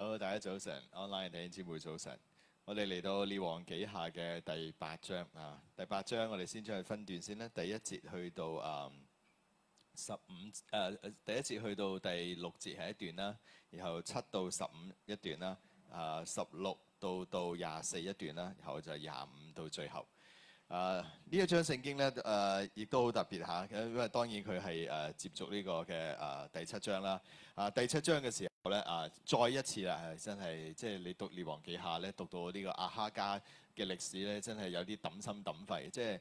好，Hello, 大家早晨，online 弟兄姊妹早晨。我哋嚟到列王記下嘅第八章啊，第八章我哋先將佢分段先啦。第一節去到啊十五，誒、啊、第一節去到第六節係一段啦，然後七到十五一段啦，啊十六到到廿四一段啦，然後就廿五到最後。啊呢一章聖經咧，誒、啊、亦都好特別嚇、啊，因為當然佢係誒接續呢個嘅誒、啊、第七章啦。啊第七章嘅時候。咧啊，再一次啦，真係即係你讀列王紀下咧，讀到呢個亞哈家嘅歷史咧，真係有啲抌心抌肺，即係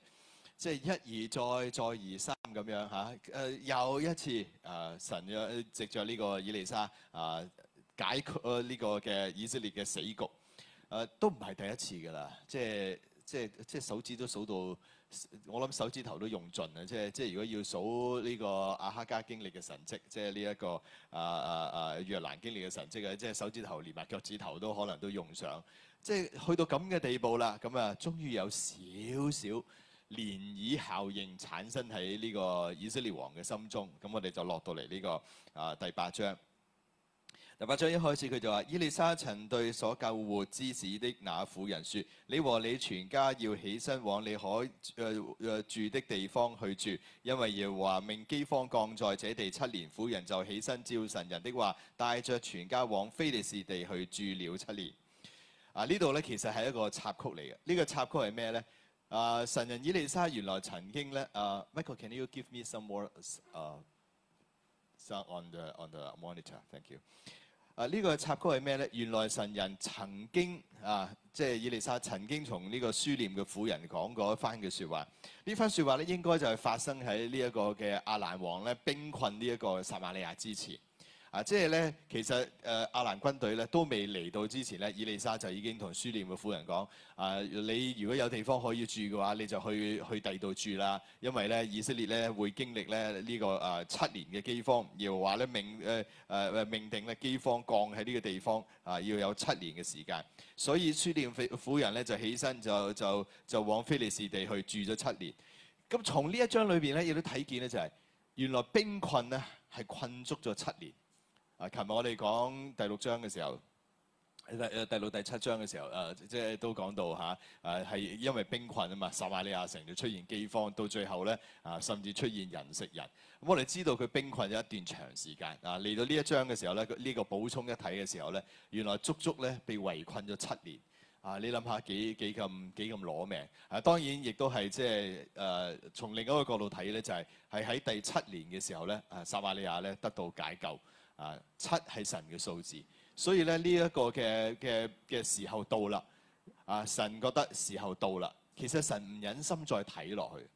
即係一而再，再而三咁樣吓，誒、啊，又一次啊，神約藉着呢個以利沙啊，解決呢個嘅以色列嘅死局，誒、啊，都唔係第一次噶啦，即係即係即係手指都數到。我諗手指頭都用盡啊！即係即係如果要數呢個亞哈家經歷嘅神跡，即係呢一個啊啊啊約蘭經歷嘅神跡啊！啊啊的跡，即係手指頭連埋腳趾頭都可能都用上，即係去到咁嘅地步啦。咁啊，終於有少少漣漪效應產生喺呢個以色列王嘅心中。咁我哋就落到嚟呢個啊第八章。第八章一開始，佢就話：以利沙曾對所救活之子的那婦人説：你和你全家要起身往你可誒誒住的地方去住，因為耶和華命饑荒降在這地七年。婦人就起身照神人的話，帶着全家往非利士地去住了七年。啊，這裡呢度咧其實係一個插曲嚟嘅。呢、這個插曲係咩咧？啊，神人以利沙原來曾經咧啊，Michael，can you give me some more 啊、uh,，some on the on the monitor，thank you。啊！呢個插曲係咩呢？原來神人曾經啊，即係以利沙曾經從呢個書念嘅婦人講過一番嘅説話。呢番説話咧，應該就係發生喺呢一個嘅亞蘭王咧兵困呢一個撒瑪利亞之前。啊，即係咧，其實誒亞蘭軍隊咧都未嚟到之前咧，以利沙就已經同書念嘅婦人講：啊，你如果有地方可以住嘅話，你就去去第二度住啦。因為咧以色列咧會經歷咧呢、這個誒、呃、七年嘅饑荒，要話咧命誒誒命定咧饑荒降喺呢個地方啊，要有七年嘅時間。所以書念婦婦人咧就起身就就就，就往非利士地去住咗七年。咁從呢一章裏邊咧，亦都睇見咧就係、是、原來兵困咧係困足咗七年。啊！琴日我哋講第六章嘅時候，第第六第七章嘅時候，誒、啊、即係都講到嚇，誒、啊、係、啊、因為兵困啊嘛，撒瑪利亞城就出現饑荒，到最後咧，啊，甚至出現人食人。咁、啊、我哋知道佢兵困咗一段長時間。啊，嚟到呢一章嘅時候咧，呢、呢個補充一睇嘅時候咧，原來足足咧被圍困咗七年。啊，你諗下幾幾咁幾咁攞命啊！當然亦都係即係誒從另一個角度睇咧，就係係喺第七年嘅時候咧，誒撒瑪利亞咧得到解救。啊，七係神嘅數字，所以咧呢一個嘅嘅嘅時候到啦，啊神覺得時候到啦，其實神唔忍心再睇落去，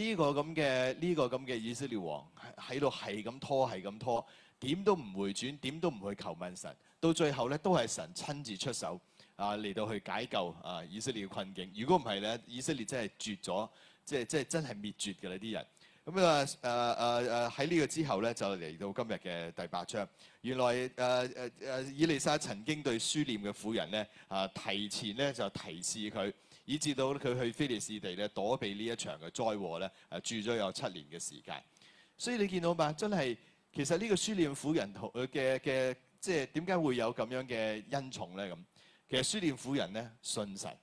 呢個咁嘅呢個咁嘅以色列王喺度係咁拖係咁拖，點都唔回轉，點都唔去求問神，到最後咧都係神親自出手啊嚟到去解救啊以色列嘅困境。如果唔係咧，以色列真係絕咗，即係即係真係滅絕㗎呢啲人。咁啊，誒誒誒，喺呢個之後咧，就嚟到今日嘅第八章。原來誒誒誒，以利沙曾經對書念嘅婦人咧，啊，提前咧就提示佢，以至到佢去非利士地咧躲避呢一場嘅災禍咧，住咗有七年嘅時間。所以你見到嘛，真係其實呢個書念婦人同佢嘅嘅，即係點解會有咁樣嘅恩寵咧？咁其實書念婦人咧，信神。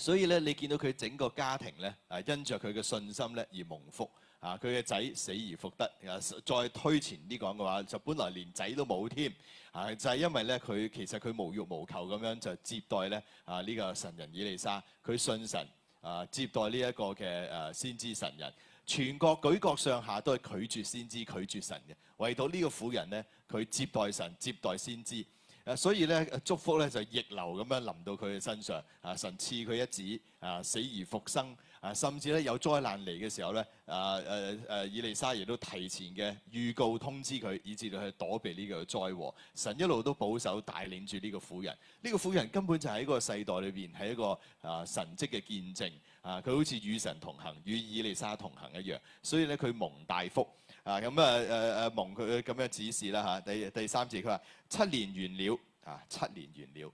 所以咧，你見到佢整個家庭咧，啊，因着佢嘅信心咧而蒙福。啊，佢嘅仔死而復得。啊，再推前啲講嘅話，就本來連仔都冇添。啊，就係因為咧，佢其實佢無欲無求咁樣就接待咧啊呢個神人以利沙。佢信神啊，接待呢一個嘅誒先知神人。全國舉國上下都係拒絕先知，拒絕神嘅，唯獨呢個婦人咧，佢接待神，接待先知。誒所以咧，祝福咧就逆流咁樣臨到佢嘅身上。啊，神賜佢一子，啊死而復生。啊，甚至咧有災難嚟嘅時候咧，啊誒誒以利沙亦都提前嘅預告通知佢，以至到去躲避呢個災禍。神一路都保守帶領住呢個婦人。呢、這個婦人根本就喺個世代裏邊係一個啊神蹟嘅見證。啊，佢好似與神同行，與以利沙同行一樣。所以咧，佢蒙大福。啊咁啊誒誒、啊啊、蒙佢咁樣指示啦嚇、啊，第第三次佢話：「七年完了啊，七年完了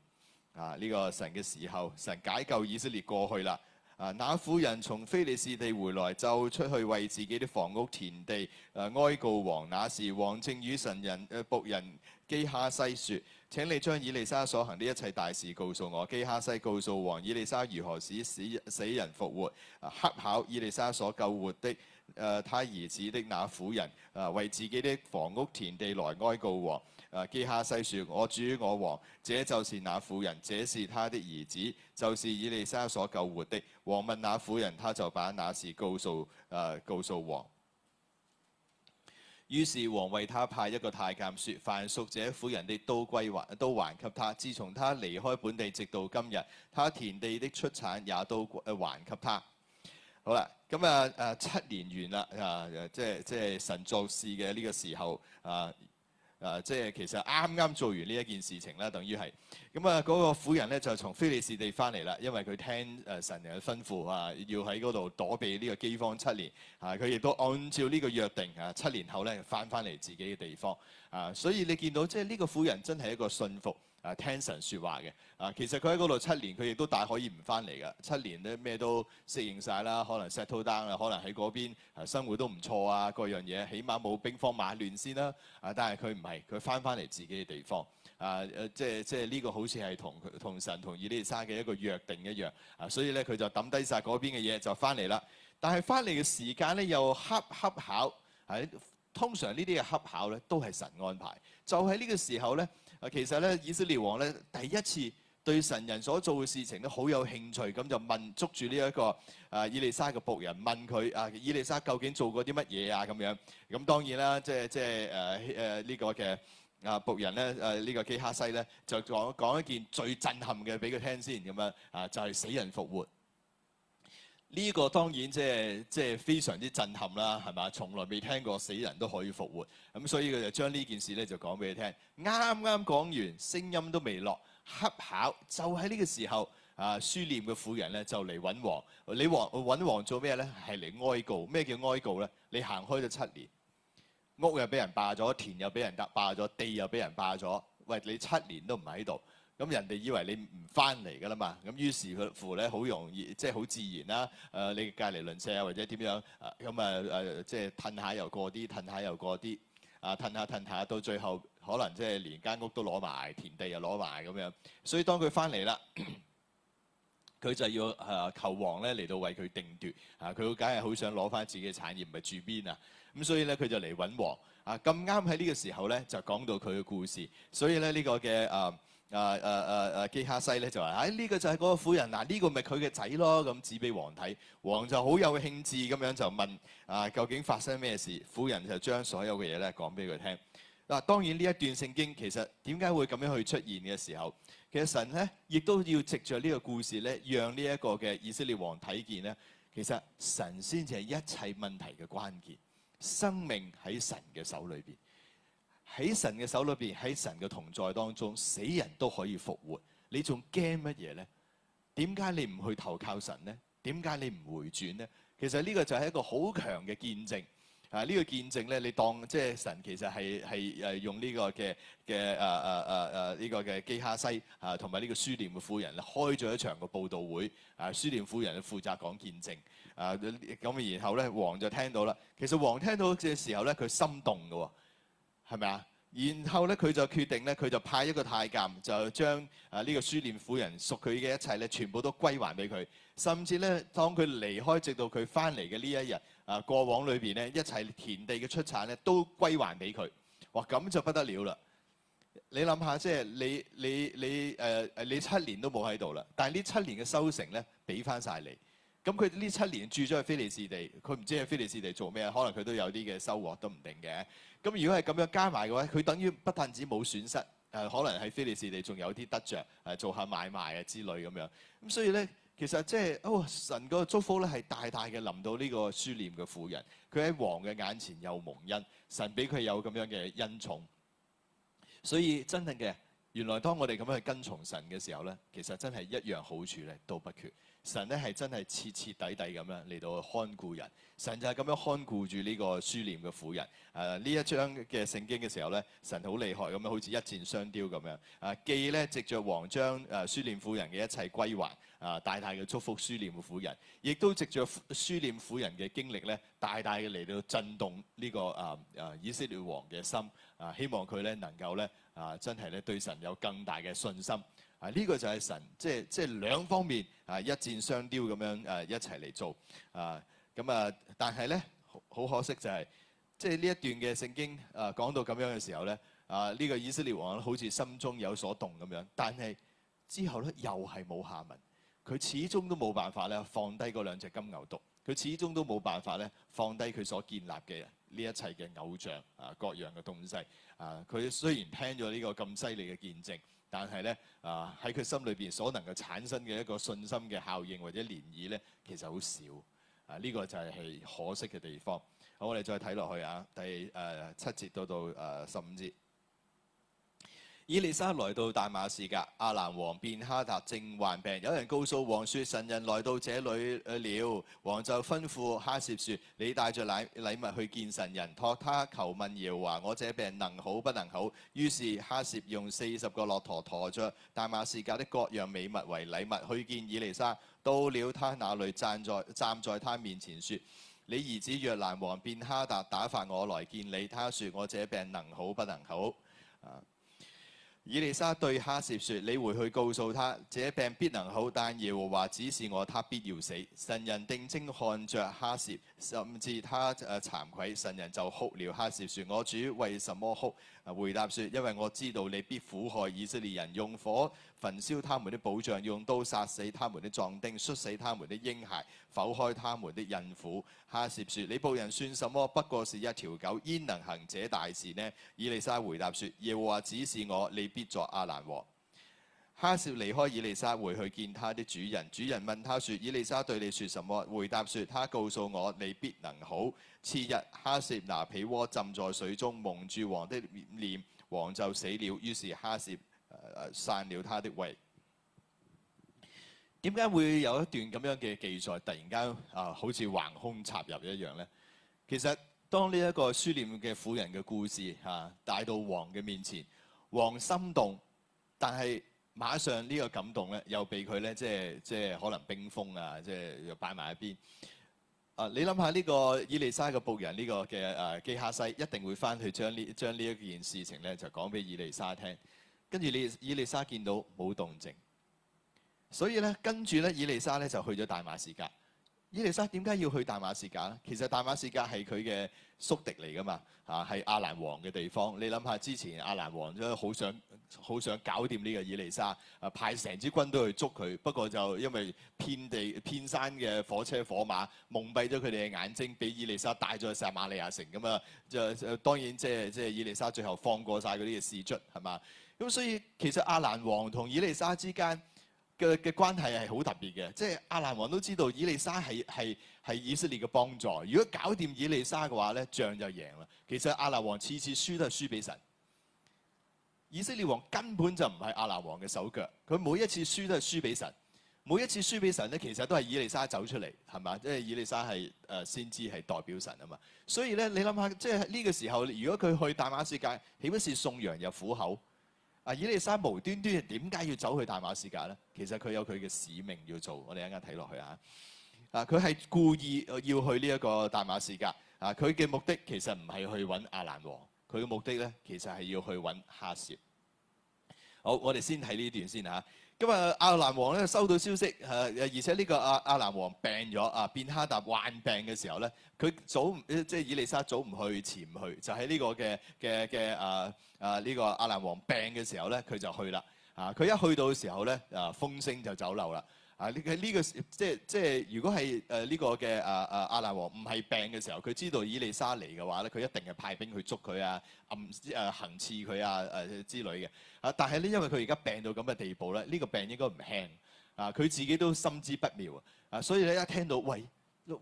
啊呢、這個神嘅時候，神解救以色列過去啦，啊那婦人從菲利士地回來，就出去為自己啲房屋田地誒、啊、哀告王。那時王正與神人誒僕、啊、人基哈西説：請你將以利沙所行的一切大事告訴我。基哈西告訴王：以利沙如何使死死人復活啊，考查以利沙所救活的。誒、呃、他兒子的那婦人，誒、呃、為自己的房屋田地來哀告王。誒，基哈西説：我主我王，這就是那婦人，這是他的兒子，就是以利沙所救活的。王問那婦人，他就把那事告訴誒、呃、告訴王。於是王為他派一個太監説：凡屬這婦人的都歸還都還給他。自從他離開本地直到今日，他田地的出產也都誒還給他。好啦，咁啊啊七年完啦啊，即係即係神做事嘅呢個時候啊啊，即係其實啱啱做完呢一件事情啦，等於係咁啊嗰個婦人咧就從菲利士地翻嚟啦，因為佢聽誒神嘅吩咐啊，要喺嗰度躲避呢個饑荒七年啊，佢亦都按照呢個約定啊，七年後咧翻翻嚟自己嘅地方啊，所以你見到即係呢個婦人真係一個信服。啊，聽神説話嘅啊，其實佢喺嗰度七年，佢亦都大可以唔翻嚟噶。七年咧，咩都適應晒啦，可能 settle down 啦，可能喺嗰邊生活都唔錯啊，各樣嘢，起碼冇兵荒馬亂先啦。啊，但係佢唔係，佢翻翻嚟自己嘅地方啊，誒、呃，即係即係呢個好似係同同神同意你哋生嘅一個約定一樣啊，所以咧佢就抌低晒嗰邊嘅嘢就翻嚟啦。但係翻嚟嘅時間咧又恰恰巧，係、啊、通常呢啲嘅恰巧咧都係神安排，就喺呢個時候咧。啊，其實咧，以色列王咧第一次對神人所做嘅事情咧，好有興趣，咁就問捉住呢、這、一個啊，以利沙嘅僕人問佢啊，以利沙究竟做過啲乜嘢啊？咁樣，咁當然啦，即係即係、啊這個啊、呢個嘅啊僕人咧呢個基哈西咧，就講講一件最震撼嘅俾佢聽先咁樣啊，就係、是、死人復活。呢個當然即係即係非常之震撼啦，係嘛？從來未聽過死人都可以復活，咁所以佢就將呢件事咧就講俾你聽。啱啱講完，聲音都未落，恰巧就喺呢個時候，啊書念嘅婦人咧就嚟揾王。你王揾王做咩咧？係嚟哀告。咩叫哀告咧？你行開咗七年，屋又俾人霸咗，田又俾人霸霸咗，地又俾人霸咗。喂，你七年都唔喺度。咁人哋以為你唔翻嚟噶啦嘛，咁於是佢乎咧好容易即係好自然啦。誒，你隔離鄰舍啊，或者點樣啊？咁啊誒，即係褪下又過啲，褪下又過啲。啊，褪下褪下，到最後可能即係連間屋都攞埋，田地又攞埋咁樣。所以當佢翻嚟啦，佢就要誒求王咧嚟到為佢定奪啊！佢梗係好想攞翻自己嘅產業，唔係住邊啊？咁所以咧，佢就嚟揾王啊！咁啱喺呢個時候咧，就講到佢嘅故事。所以咧，呢個嘅誒。啊啊啊啊！基哈西咧就話：，哎呢、這個就係嗰個婦人，嗱、這、呢個咪佢嘅仔咯。咁指俾王睇，王就好有興致咁樣就問：，啊究竟發生咩事？婦人就將所有嘅嘢咧講俾佢聽。嗱、啊，當然呢一段聖經其實點解會咁樣去出現嘅時候，其實神咧亦都要藉着呢個故事咧，讓呢一個嘅以色列王睇見咧，其實神先至係一切問題嘅關鍵，生命喺神嘅手裏邊。喺神嘅手裏邊，喺神嘅同在當中，死人都可以復活。你仲驚乜嘢咧？點解你唔去投靠神咧？點解你唔回轉咧？其實呢個就係一個好強嘅見證。啊，呢個見證咧，你當即係神其實係係誒用呢個嘅嘅誒誒誒誒呢個嘅基哈西啊，同埋呢個書念嘅婦人開咗一場嘅報道會啊，書念婦人負責講見證啊，咁然後咧王就聽到啦。其實王聽到嘅時候咧，佢心動㗎喎。係咪啊？然後咧，佢就決定咧，佢就派一個太監，就將啊呢個書念婦人屬佢嘅一切咧，全部都歸還俾佢。甚至咧，當佢離開，直到佢翻嚟嘅呢一日啊，過往裏邊咧，一切田地嘅出產咧，都歸還俾佢。哇！咁就不得了啦！你諗下，即係你你你誒誒、呃，你七年都冇喺度啦，但係呢七年嘅收成咧，俾翻晒你。咁佢呢七年住咗喺菲利士地，佢唔知喺菲利士地做咩，可能佢都有啲嘅收穫都唔定嘅。咁如果係咁樣加埋嘅話，佢等於不但止冇損失，可能喺菲利士地仲有啲得着，做下買賣啊之類咁樣。咁所以咧，其實即係哦，神個祝福咧係大大嘅臨到呢個書念嘅婦人，佢喺王嘅眼前又蒙恩，神俾佢有咁樣嘅恩寵。所以真正嘅，原來當我哋咁樣去跟從神嘅時候咧，其實真係一樣好處咧都不缺。神咧係真係徹徹底底咁樣嚟到看顧人，神就係咁樣看顧住呢個書念嘅婦人。誒、啊、呢一章嘅聖經嘅時候咧，神好厲害咁樣，好似一箭雙雕咁樣。誒既咧，藉着王將誒書念婦人嘅一切歸還，啊大大嘅祝福書念嘅婦人，亦都藉着書念婦人嘅經歷咧，大大嘅嚟到震動呢、這個誒誒、啊啊、以色列王嘅心。啊，希望佢咧能夠咧啊，真係咧對神有更大嘅信心。呢、個就係神，即係即係兩方面啊，一箭雙雕咁樣誒一齊嚟做啊！咁啊，但係咧好可惜就係，即係呢一段嘅聖經啊講到咁樣嘅時候咧啊，呢、個以色列王好似心中有所動咁樣，但係之後咧又係冇下文，佢始終都冇辦法咧放低嗰兩隻金牛犢，佢始終都冇辦法咧放低佢所建立嘅呢一切嘅偶像啊各樣嘅東西啊！佢雖然聽咗呢個咁犀利嘅見證。但係咧，啊喺佢心裏邊所能夠產生嘅一個信心嘅效應或者漣漪咧，其實好少，啊呢、這個就係係可惜嘅地方。好，我哋再睇落去啊，第誒、呃、七節到到誒、呃、十五節。以利沙來到大馬士革，亞蘭王便哈達正患病，有人告訴王說：神人來到這裏了。王就吩咐哈薛說：你帶著禮物去見神人，託他求問耶和華，我這病能好不能好？於是哈薛用四十個駱駝，駝着大馬士革的各樣美物為禮物，去見以利沙。到了他那裏，站在站在他面前說：你兒子亞蘭王便哈達打發我來見你，他說我這病能好不能好？以利沙對哈薛說：你回去告訴他，這病必能好，但耶和華指示我，他必要死。神人定睛看着哈薛，甚至他誒慚愧。神人就哭了哈說。哈薛說，我主為什麼哭？回答說：因為我知道你必苦害以色列人，用火。焚燒他們的保障，用刀殺死他們的壯丁，摔死他們的嬰孩，剖開他們的孕婦。哈薛說：你僕人算什麼？不過是一條狗，焉能行這大事呢？以利沙回答說：耶和華指示我，你必作亞蘭王。哈薛離開以利沙，回去見他的主人。主人問他說：以利沙對你說什麼？回答說：他告訴我，你必能好。次日，哈薛拿被窩浸在水中，蒙住王的臉，王就死了。於是哈薛。誒散了他的胃，點解會有一段咁樣嘅記載？突然間啊，好似橫空插入一樣咧。其實當呢一個書念嘅婦人嘅故事嚇，帶、啊、到王嘅面前，王心動，但係馬上呢個感動咧，又被佢咧即係即係可能冰封啊，即係又擺埋一邊。啊，你諗下呢個以利沙嘅僕人呢個嘅誒基哈西，一定會翻去將呢將呢一件事情咧，就講俾以利沙聽。跟住，利以利沙見到冇動靜，所以咧，跟住咧，以利沙咧就去咗大馬士革。以利沙點解要去大馬士革啊？其實大馬士革係佢嘅宿敵嚟噶嘛，啊，係亞蘭王嘅地方。你諗下，之前亞蘭王真好想好想搞掂呢個以利沙，啊派成支軍都去捉佢。不過就因為遍地遍山嘅火車火馬，蒙蔽咗佢哋嘅眼睛，俾以利沙帶咗去撒瑪利亞城咁啊。就當然即係即係以利沙最後放過晒嗰啲嘅士卒係嘛。咁所以其實阿蘭王同以利沙之間嘅嘅關係係好特別嘅，即係阿蘭王都知道以利沙係係係以色列嘅幫助。如果搞掂以利沙嘅話咧，仗就贏啦。其實阿蘭王次次輸都係輸俾神。以色列王根本就唔係阿蘭王嘅手腳，佢每一次輸都係輸俾神。每一次輸俾神咧，其實都係以利沙走出嚟係嘛？因為以利沙係誒先知係代表神啊嘛。所以咧，你諗下，即係呢個時候，如果佢去大馬士革，豈不是送羊入虎口？啊，以利沙無端端點解要走去大馬士革咧？其實佢有佢嘅使命要做，我哋一陣睇落去嚇。啊，佢係故意要去呢一個大馬士革。啊，佢嘅目的其實唔係去揾阿蘭王，佢嘅目的咧其實係要去揾哈薛。好，我哋先睇呢段先嚇。今日阿蘭王咧收到消息，誒而且呢個阿亞蘭王病咗啊，便哈達患病嘅時候咧，佢早即係以利沙早唔去遲唔去，就喺呢個嘅嘅嘅誒誒呢個亞蘭王病嘅時候咧，佢就去啦啊！佢一去到嘅時候咧，啊，風聲就走漏啦。啊！呢個即係即係，如果係誒呢個嘅誒誒亞蘭王唔係病嘅時候，佢知道以利沙嚟嘅話咧，佢一定係派兵去捉佢啊、暗誒行刺佢啊誒之類嘅。啊！但係咧，因為佢而家病到咁嘅地步咧，呢個病應該唔輕啊！佢自己都心知不妙啊！所以咧，一聽到喂，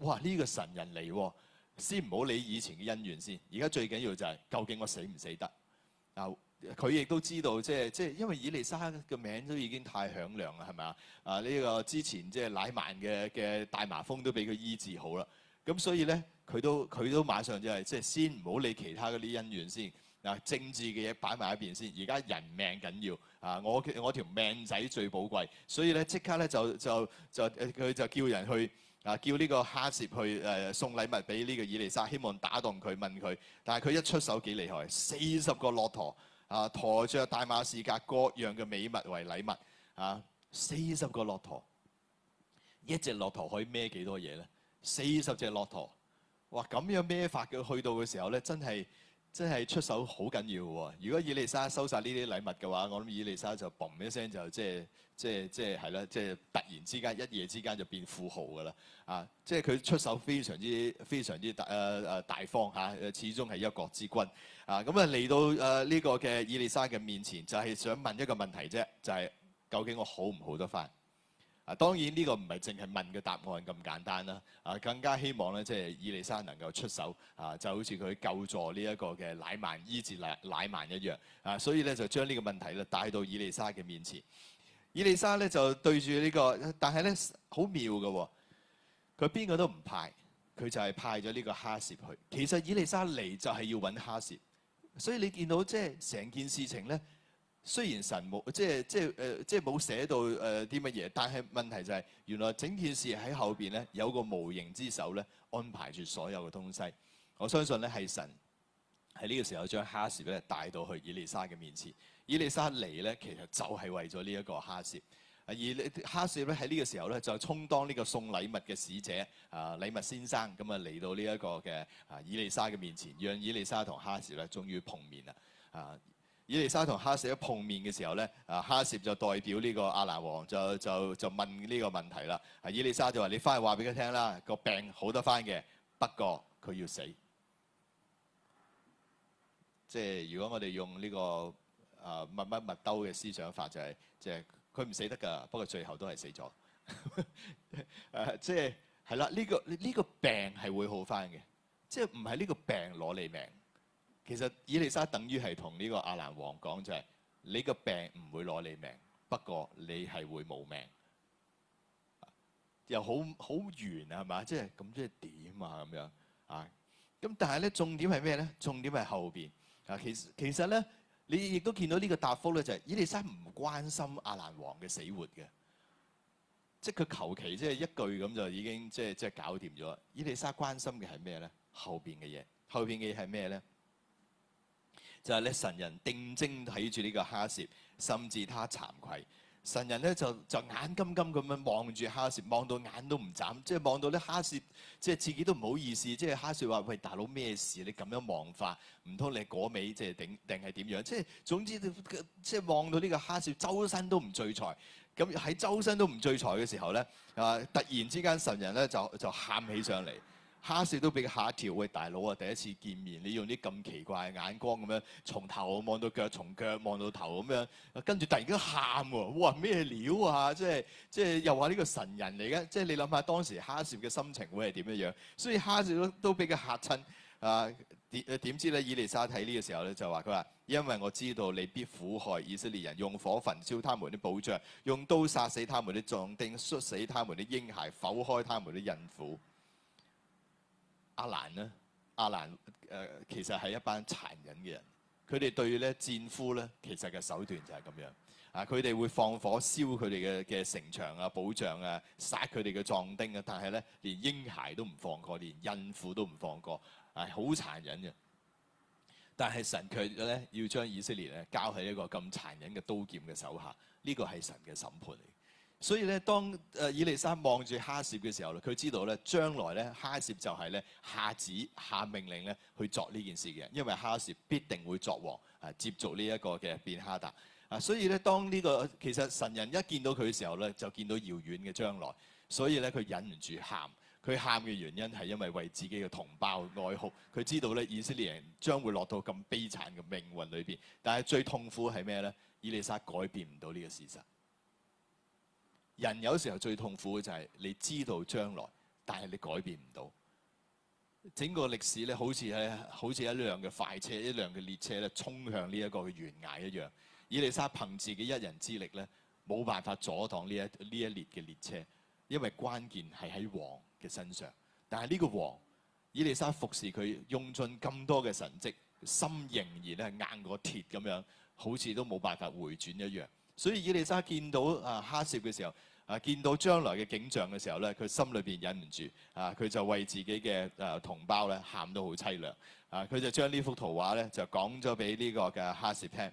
哇！呢個神人嚟，先唔好理以前嘅恩怨先。而家最緊要就係究竟我死唔死得啊？佢亦都知道，即係即係，因為以利沙嘅名都已經太響亮啦，係咪啊？啊，呢個之前即係乃曼嘅嘅大麻風都俾佢醫治好啦。咁所以咧，佢都佢都馬上就係即係先唔好理其他嗰啲恩怨先啊，政治嘅嘢擺埋一邊先。而家人命緊要啊！我我條命仔最寶貴，所以咧即刻咧就就就佢就叫人去啊，叫呢個哈薛去誒送禮物俾呢個以利沙，希望打動佢問佢。但係佢一出手幾厲害，四十個駱駝。啊！抬着大馬士革各樣嘅美物為禮物，啊！四十個駱駝，一隻駱駝可以孭幾多嘢咧？四十隻駱駝，哇！咁樣孭法嘅去到嘅時候咧，真係真係出手好緊要喎！如果以利沙收晒呢啲禮物嘅話，我諗以利沙就嘣一聲就即係。就是即係即係係啦，即係突然之間一夜之間就變富豪㗎啦！啊，即係佢出手非常之非常之大、呃、大方、啊、始終係一國之君啊！咁啊嚟到呢、呃呢個嘅以利沙嘅面前，就係、係、想問一個問題啫，就係、係、究竟我好唔好得翻啊？當然呢個唔係淨係問嘅答案咁簡單啦！啊，更加希望咧，即係以利沙能夠出手啊，就好似佢救助呢一個嘅乃曼醫治乃，乃曼一樣啊，所以咧就將呢個問題咧帶到以利沙嘅面前。以利沙咧就對住呢、這個，但係咧好妙嘅，哦，佢邊個都唔派，佢就係派咗呢個哈薛去。其實以利沙嚟就係要揾哈薛，所以你見到即係成件事情咧，雖然神冇即係即係誒、呃、即係冇寫到誒啲乜嘢，但係問題就係、是、原來整件事喺後邊咧有個無形之手咧安排住所有嘅東西。我相信咧係神。喺呢個時候，將哈薛咧帶到去以利沙嘅面前。以利沙嚟咧，其實就係為咗呢一個哈薛。而哈薛咧喺呢個時候咧，就充當呢個送禮物嘅使者啊，禮物先生咁啊嚟到呢一個嘅啊以利沙嘅面前，讓以利沙同哈薛咧終於碰面啦。啊，以利沙同哈薛一碰面嘅時候咧，啊哈薛就代表呢個亞蘭王就，就就就問呢個問題啦。啊，以利沙就話：你翻去話俾佢聽啦，個病好得翻嘅，不過佢要死。即係如果我哋用呢個啊密密密兜嘅思想法，就係即係佢唔死得㗎，不過最後都係死咗。誒，即係係啦，呢個呢個病係會好翻嘅，即係唔係呢個病攞你命。其實以利沙等於係同呢個亞蘭王講，就係你個病唔會攞你命，不過你係會冇命。又好好圓係嘛？即係咁，即係點啊？咁樣啊？咁但係咧，重點係咩咧？重點係後邊。啊，其實其實咧，你亦都見到呢個答覆咧，就係以利沙唔關心亞蘭王嘅死活嘅，即係佢求其即係一句咁就已經即係即係搞掂咗。以利沙關心嘅係咩咧？後邊嘅嘢，後邊嘅嘢係咩咧？就係、是、咧神人定睛睇住呢個哈薛，甚至他慚愧。神人咧就就眼金金咁樣望住哈薛，望到眼都唔眨，即係望到啲哈薛，即係自己都唔好意思，即係哈薛話，喂，大佬咩事？你咁樣望法，唔通你是嗰尾即係頂定係點樣？即係總之，即係望到呢個哈薛周身都唔聚財，咁喺周身都唔聚財嘅時候咧，啊突然之間神人咧就就喊起上嚟。哈士都比佢嚇一跳，喂大佬啊，第一次見面，你用啲咁奇怪嘅眼光咁樣，從頭望到腳，從腳望到頭咁樣，跟住突然間喊喎，哇咩料啊！即係即係又話呢個神人嚟嘅，即係你諗下當時哈士嘅心情會係點樣？所以哈士都都比佢嚇親啊！點點知咧？以利沙睇呢個時候咧，就話佢話：因為我知道你必苦害以色列人，用火焚燒他們啲保障，用刀殺死他們啲壯丁，摔死他們啲嬰孩，剖開他們啲孕婦。阿蘭呢？阿蘭誒其實係一班殘忍嘅人，佢哋對咧戰俘咧其實嘅手段就係咁樣啊！佢哋會放火燒佢哋嘅嘅城牆啊、保障啊、殺佢哋嘅壯丁啊，但係咧連嬰孩都唔放過，連孕婦都唔放過啊！好殘忍嘅，但係神卻咧要將以色列咧交喺一個咁殘忍嘅刀劍嘅手下，呢個係神嘅審判嚟。所以咧，當誒以利沙望住哈薛嘅時候咧，佢知道咧將來咧哈薛就係咧下旨下命令咧去作呢件事嘅，因為哈薛必定會作王啊，接續呢一個嘅便哈達啊。所以咧、這個，當呢個其實神人一見到佢嘅時候咧，就見到遙遠嘅將來。所以咧，佢忍唔住喊，佢喊嘅原因係因為為自己嘅同胞哀哭。佢知道咧以色列人將會落到咁悲慘嘅命運裏邊，但係最痛苦係咩咧？以利沙改變唔到呢個事實。人有時候最痛苦嘅就係你知道將來，但係你改變唔到。整個歷史咧，好似咧，好似一輛嘅快車，一輛嘅列車咧，衝向呢一個嘅懸崖一樣。以利沙憑自己一人之力咧，冇辦法阻擋呢一呢一列嘅列車，因為關鍵係喺王嘅身上。但係呢個王，以利沙服侍佢用盡咁多嘅神蹟，心仍然咧硬過鐵咁樣，好似都冇辦法回轉一樣。所以以利沙見到啊哈薛嘅時候，啊見到將來嘅景象嘅時候咧，佢心裏邊忍唔住，啊佢就為自己嘅啊同胞咧，喊到好凄涼，啊佢就將呢幅圖畫咧，就講咗俾呢個嘅哈薛聽。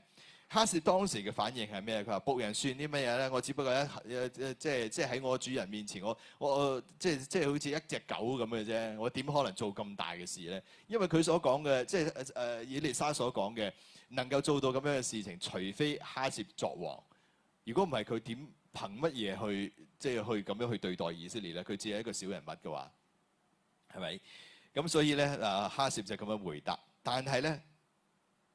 哈薛當時嘅反應係咩？佢話：僕人算啲乜嘢咧？我只不過一即係即係喺我主人面前，我我即係即係好似一隻狗咁嘅啫。我點可能做咁大嘅事咧？因為佢所講嘅，即係誒、呃、以利沙所講嘅，能夠做到咁樣嘅事情，除非哈薛作王。如果唔係佢點憑乜嘢去即係去咁樣去對待以色列咧？佢只係一個小人物嘅話，係咪？咁所以咧，啊哈薛就咁樣回答。但係咧，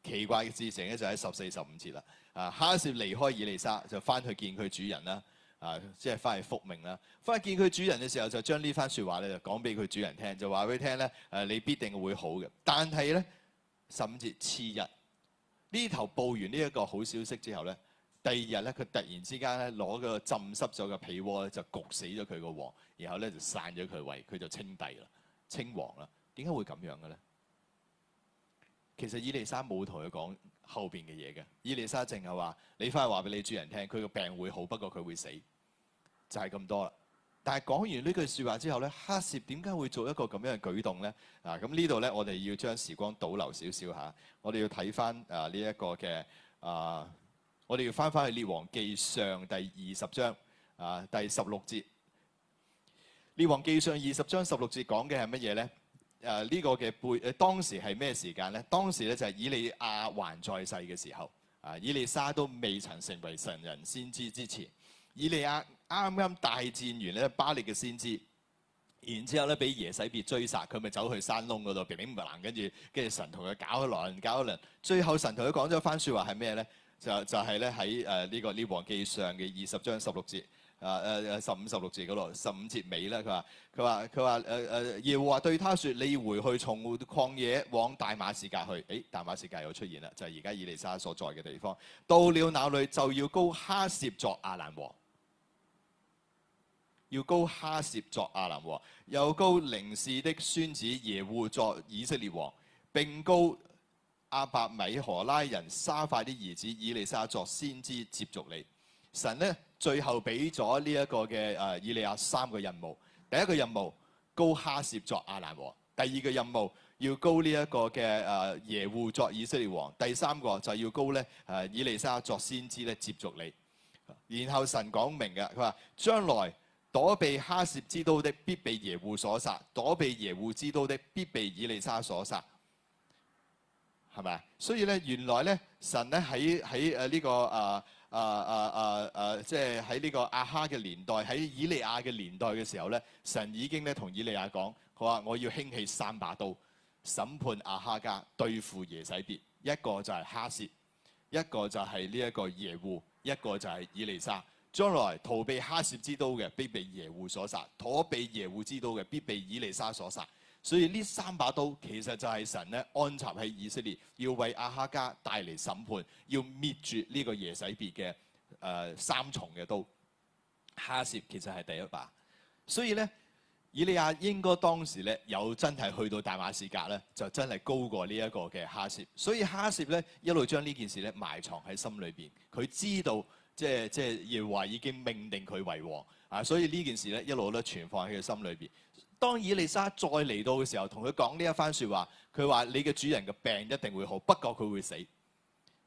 奇怪嘅事情咧就喺十四、十五節啦。啊哈薛離開以利沙，就翻去見佢主人啦。啊、就是，即係翻去復命啦。翻去見佢主人嘅時候，就將呢番説話咧就講俾佢主人聽，就話俾佢聽咧，誒你必定會好嘅。但係咧，十五節次日呢頭報完呢一個好消息之後咧。第二日咧，佢突然之間咧攞個浸濕咗嘅被窩咧，就焗死咗佢個王，然後咧就散咗佢位，佢就稱帝啦、稱王啦。點解會咁樣嘅咧？其實以利沙冇同佢講後邊嘅嘢嘅，以利沙淨係話：你翻去話俾你主人聽，佢個病會好，不過佢會死，就係、是、咁多啦。但係講完呢句説話之後咧，哈薛點解會做一個咁樣嘅舉動咧？啊，咁呢度咧，我哋要將時光倒流少少下，我哋要睇翻啊呢一個嘅啊。這個我哋要翻翻去列王記上第二十章啊，第十六節。列王記上二十章十六節講嘅係乜嘢咧？誒、啊、呢、這個嘅背誒當時係咩時間咧？當時咧就係、是、以利亞還在世嘅時候啊，以利沙都未曾成為神人先知之前，以利亞啱啱大戰完咧巴力嘅先知，然之後咧俾耶洗別追殺，佢咪走去山窿嗰度避避密密難，跟住跟住神同佢搞一輪搞一輪，最後神同佢講咗一番説話係咩咧？就就係咧喺誒呢個列王紀上嘅二十章十六節，啊誒誒十五十六節嗰度，十五節尾啦，佢話佢話佢話誒誒耶和華對他説：你回去從曠野往大馬士革去。誒、哎，大馬士革又出現啦，就係而家以利沙所在嘅地方。到了那裏就要高哈涉作亞蘭王，要高哈涉作亞蘭王，又高寧示的孫子耶戶作以色列王，並高。阿伯米何拉人沙法啲兒子以利沙作先知接續你。神咧最後俾咗呢一個嘅誒、啊、以利亞三個任務。第一個任務高哈薛作亞蘭王。第二個任務要高呢一個嘅誒、啊、耶戶作以色列王。第三個就要高咧誒、啊、以利沙作先知咧接續你。然後神講明嘅，佢話將來躲避哈薛之刀的必被耶戶所殺，躲避耶戶之刀的必被以利沙所殺。係咪啊？所以咧，原來咧，神咧喺喺誒呢個啊啊啊啊啊，即係喺呢個亞哈嘅年代，喺以利亞嘅年代嘅時候咧，神已經咧同以利亞講：佢話我要興起三把刀，審判亞哈家，對付耶洗別。一個就係哈薛，一個就係呢一個耶戶，一個就係以利沙。將來逃避哈薛之刀嘅，必被耶戶所殺；躲避耶戶之刀嘅，必被以利沙所殺。所以呢三把刀其實就係神咧安插喺以色列，要為阿哈家帶嚟審判，要滅絕呢個耶洗別嘅誒三重嘅刀。哈薛其實係第一把，所以咧以利亞應該當時咧有真係去到大馬士革咧，就真係高過呢一個嘅哈薛。所以哈薛咧一路將呢件事咧埋藏喺心裏邊，佢知道即係即係耶和華已經命定佢為王啊，所以呢件事咧一路咧存放喺佢心裏邊。當以利沙再嚟到嘅時候，同佢講呢一番説話，佢話：你嘅主人嘅病一定會好，不過佢會死。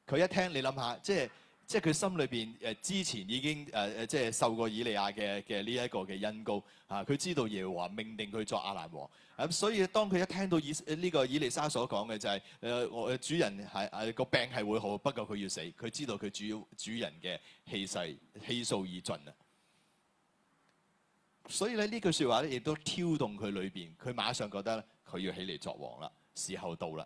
佢一聽，你諗下，即係即係佢心裏邊誒，之前已經誒誒、呃，即係受過以利亞嘅嘅呢一個嘅恩膏，啊，佢知道耶和華命定佢作亞蘭王，咁、嗯、所以當佢一聽到以呢、這個以利沙所講嘅就係、是、誒、呃、我嘅主人係誒個病係會好，不過佢要死，佢知道佢主主人嘅氣勢氣數已盡啦。所以咧呢句說話咧，亦都挑動佢裏面。佢馬上覺得咧，佢要起嚟作王啦，時候到啦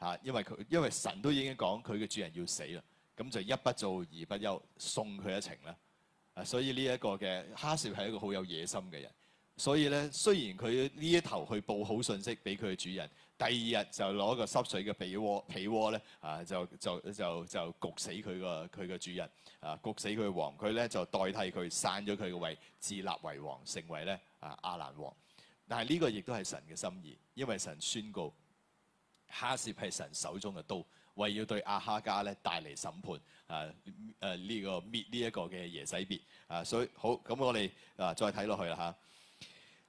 吓！因為佢因為神都已經講佢嘅主人要死啦，咁就一不做二不休，送佢一程啦。所以呢一個嘅哈薛係一個好有野心嘅人，所以咧雖然佢呢一頭去報好信息俾佢嘅主人。第二日就攞個濕水嘅被窩，被窩咧啊，就就就就焗死佢個佢個主人啊，焗死佢王，佢咧就代替佢散咗佢個位，自立為王，成為咧啊亞蘭王。但係呢個亦都係神嘅心意，因為神宣告哈薛係神手中嘅刀，為要對亞哈家咧帶嚟審判啊誒呢、這個滅呢一個嘅耶洗別啊。所以好咁，我哋啊再睇落去啦嚇。啊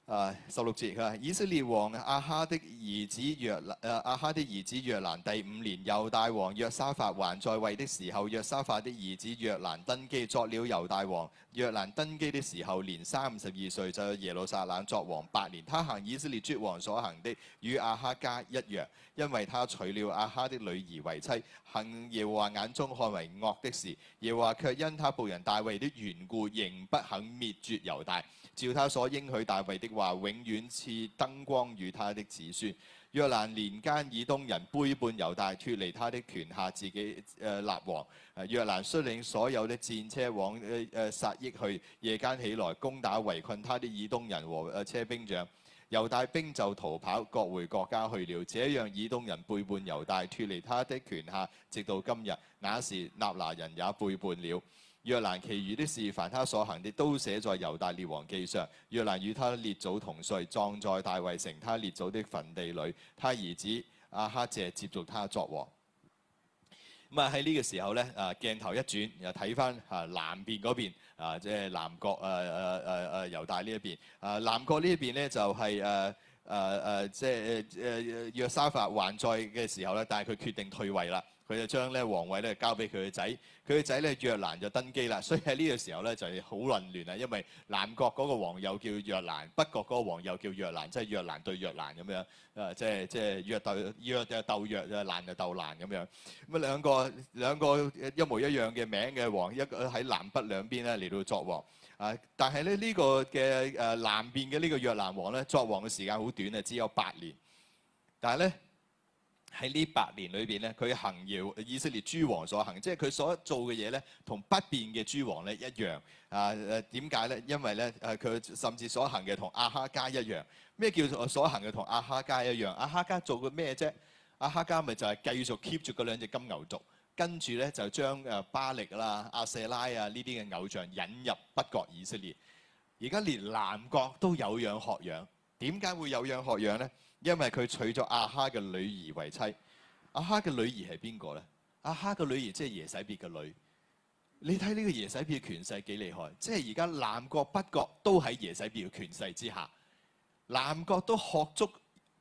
誒，十六節，以色列王阿哈的兒子約、誒、呃、阿哈的兒子約蘭第五年，猶大王約沙法還在位的時候，約沙法的兒子約蘭登基，作了猶大王。約蘭登基的時候年三十二歲，就耶路撒冷作王八年。他行以色列諸王所行的，與阿哈家一樣，因為他娶了阿哈的女兒為妻，行耶和華眼中看為惡的事。耶和華卻因他僕人大衛的緣故，仍不肯滅絕猶大。照他所應許大衛的話，永遠賜燈光與他的子孫。約蘭年間，以東人背叛猶大，脫離他的權下，自己誒、呃、立王。約蘭率領所有的戰車往、呃、撒誒益去，夜間起來攻打圍困他的以東人和、呃、車兵長。猶大兵就逃跑，各回國家去了。這樣以東人背叛猶大，脫離他的權下，直到今日。那時納拿人也背叛了。若蘭其餘的事，凡他所行的，都寫在猶大列王記上。若蘭與他列祖同睡，葬在大衛城他列祖的墳地裏。他兒子阿哈謝接續他作王。咁啊喺呢個時候咧，啊鏡頭一轉又睇翻啊南邊嗰邊啊，即係南國啊，啊，啊猶大呢一邊啊南國呢一邊咧就係誒誒誒即係誒誒約沙法還在嘅時候咧，但係佢決定退位啦。佢就將咧王位咧交俾佢嘅仔，佢嘅仔咧約蘭就登基啦。所以喺呢個時候咧就係好混亂啊，因為南國嗰個王又叫約蘭，北國嗰個王又叫約蘭，即係約蘭對約蘭咁樣，誒即係即係約鬥約就鬥約啊，蘭就鬥蘭咁樣。咁啊兩個兩個一模一樣嘅名嘅王，一個喺南北兩邊咧嚟到作王啊。但係咧呢個嘅誒南邊嘅呢個約蘭王咧作王嘅時間好短啊，只有八年。但係咧。喺呢八年裏邊咧，佢行猶以色列諸王所行，即係佢所做嘅嘢咧，同北邊嘅諸王咧一樣。啊誒點解咧？因為咧誒佢甚至所行嘅同亞哈家一樣。咩叫做所行嘅同亞哈家一樣？亞哈家做過咩啫？亞哈家咪就係繼續 keep 住嗰兩隻金牛族，跟住咧就將誒巴力啦、亞舍拉啊呢啲嘅偶像引入北國以色列。而家連南國都有樣學樣，點解會有樣學樣咧？因為佢娶咗阿哈嘅女兒為妻，阿哈嘅女兒係邊個咧？阿哈嘅女兒即係耶洗別嘅女。你睇呢個耶洗別嘅權勢幾厲害？即係而家南國北國都喺耶洗別嘅權勢之下，南國都學足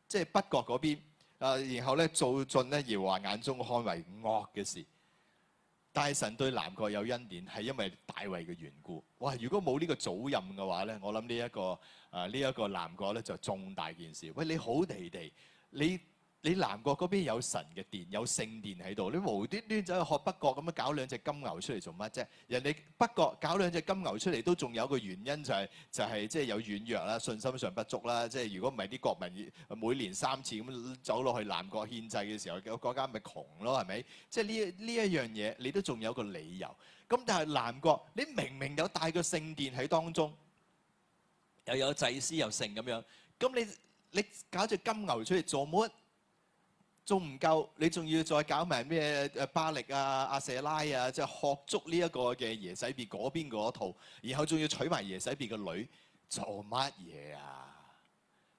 即係、就是、北國嗰邊，啊，然後咧做盡咧耶和華眼中看為惡嘅事。但係神對南國有恩典，係因為大衛嘅緣故。哇！如果冇呢個祖任嘅話呢，我諗呢一個啊呢一個南國咧就重大件事。喂，你好地地，你。你南國嗰邊有神嘅殿，有聖殿喺度。你無端端走去學北國咁樣搞兩隻金牛出嚟做乜啫？人哋北國搞兩隻金牛出嚟都仲有個原因就係、是、就係即係有軟弱啦、信心上不足啦。即係如果唔係啲國民每年三次咁走落去南國獻祭嘅時候，個國家咪窮咯？係咪？即係呢呢一樣嘢，你都仲有個理由。咁但係南國你明明有帶個聖殿喺當中，又有，有祭司又聖咁樣，咁你你搞隻金牛出嚟做乜？仲唔夠？你仲要再搞埋咩誒巴力啊、阿舍拉啊，即係學足呢一個嘅耶洗別嗰邊嗰套，然後仲要娶埋耶洗別個女，做乜嘢啊？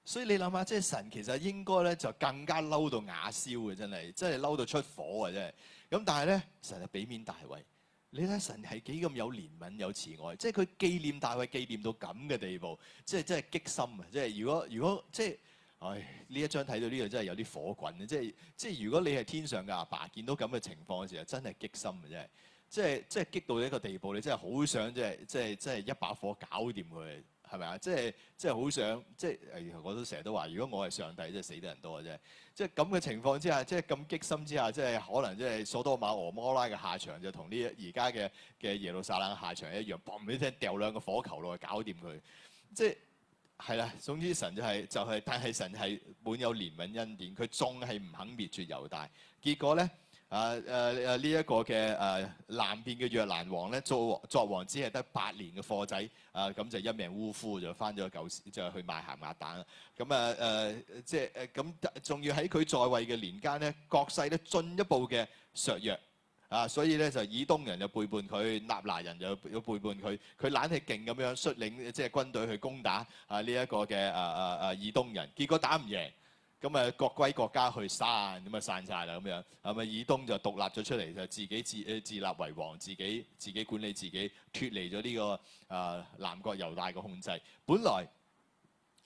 所以你諗下，即係神其實應該咧就更加嬲到牙燒嘅，真係，即係嬲到出火啊！真係。咁但係咧，神係俾面大衛。你睇神係幾咁有憐憫、有慈愛，即係佢紀念大衛紀念到咁嘅地步，即係即係激心啊！即係如果如果即係。唉，呢一張睇到呢個真係有啲火滾嘅，即係即係如果你係天上嘅阿爸，爸，見到咁嘅情況嘅時候，真係激心嘅，真即係即係激到呢個地步，你真係好想即係即係即係一把火搞掂佢，係咪啊？即係即係好想即係，我都成日都話，如果我係上帝，真係死得人多嘅啫。即係咁嘅情況之下，即係咁激心之下，即係可能即係索多瑪俄摩拉嘅下場就同呢而家嘅嘅耶路撒冷下場一樣，嘣一聲掉兩個火球落去搞掂佢，即係。係啦，總之神就係、是、就係、是，但係神係本有憐憫恩典，佢仲係唔肯滅絕猶大。結果咧，啊誒誒呢一個嘅誒南邊嘅約蘭王咧，作王作王只係得八年嘅貨仔，啊咁就一命嗚呼，就翻咗舊時，就去賣鹹鴨蛋啦。咁啊誒，即係誒咁，仲、就是啊、要喺佢在位嘅年間咧，國勢咧進一步嘅削弱。啊，所以咧就以東人就背叛佢，納拿人又又背叛佢，佢攬起勁咁樣率領即係軍隊去攻打啊呢一個嘅啊啊啊以東人，結果打唔贏，咁啊各歸國家去散，咁啊散曬啦咁樣，咁啊以東就獨立咗出嚟，就自己自自立為王，自己自己管理自己，脫離咗呢個啊南國猶大嘅控制，本來。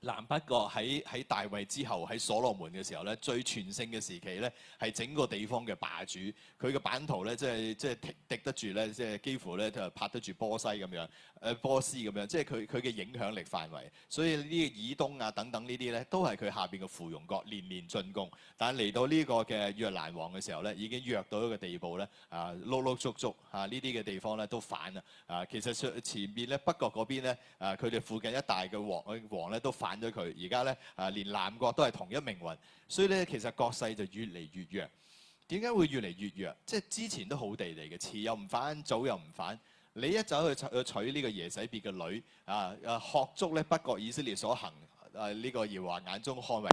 南北角喺喺大衛之後，喺所羅門嘅時候咧，最全盛嘅時期咧，係整個地方嘅霸主，佢嘅版圖咧，即係即係敵得住咧，即係幾乎咧，就係拍得住波西咁樣。誒波斯咁樣，即係佢佢嘅影響力範圍，所以呢個以東啊等等呢啲咧，都係佢下邊嘅芙蓉國連連進攻。但係嚟到呢個嘅約蘭王嘅時候咧，已經弱到一個地步咧啊，陸陸續續啊呢啲嘅地方咧都反啦啊。其實前邊咧北國嗰邊咧啊，佢哋附近一帶嘅王王咧都反咗佢，而家咧啊連南國都係同一命運，所以咧其實國勢就越嚟越弱。點解會越嚟越弱？即係之前都好地地嘅，遲又唔反，早又唔反。你一走去娶呢個夜洗別嘅女啊！學足咧不國以色列所行啊！呢、這個耀華眼中看為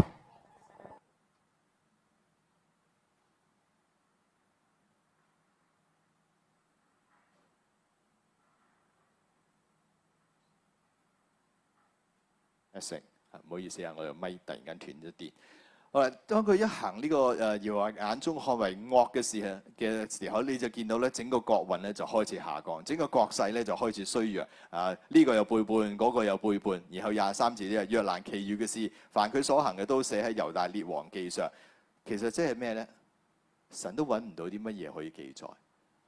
一成唔好意思啊，我嘅咪突然間斷咗電。我當佢一行呢、這個誒，耶和華、呃、眼中看為惡嘅事嘅時候，你就見到咧，整個國運咧就開始下降，整個國勢咧就開始衰弱。啊，呢、這個又背叛，嗰、這個又背叛，然後廿三字呢，啊，約蘭其餘嘅事，凡佢所行嘅都寫喺猶大列王記上。其實即係咩咧？神都揾唔到啲乜嘢可以記載。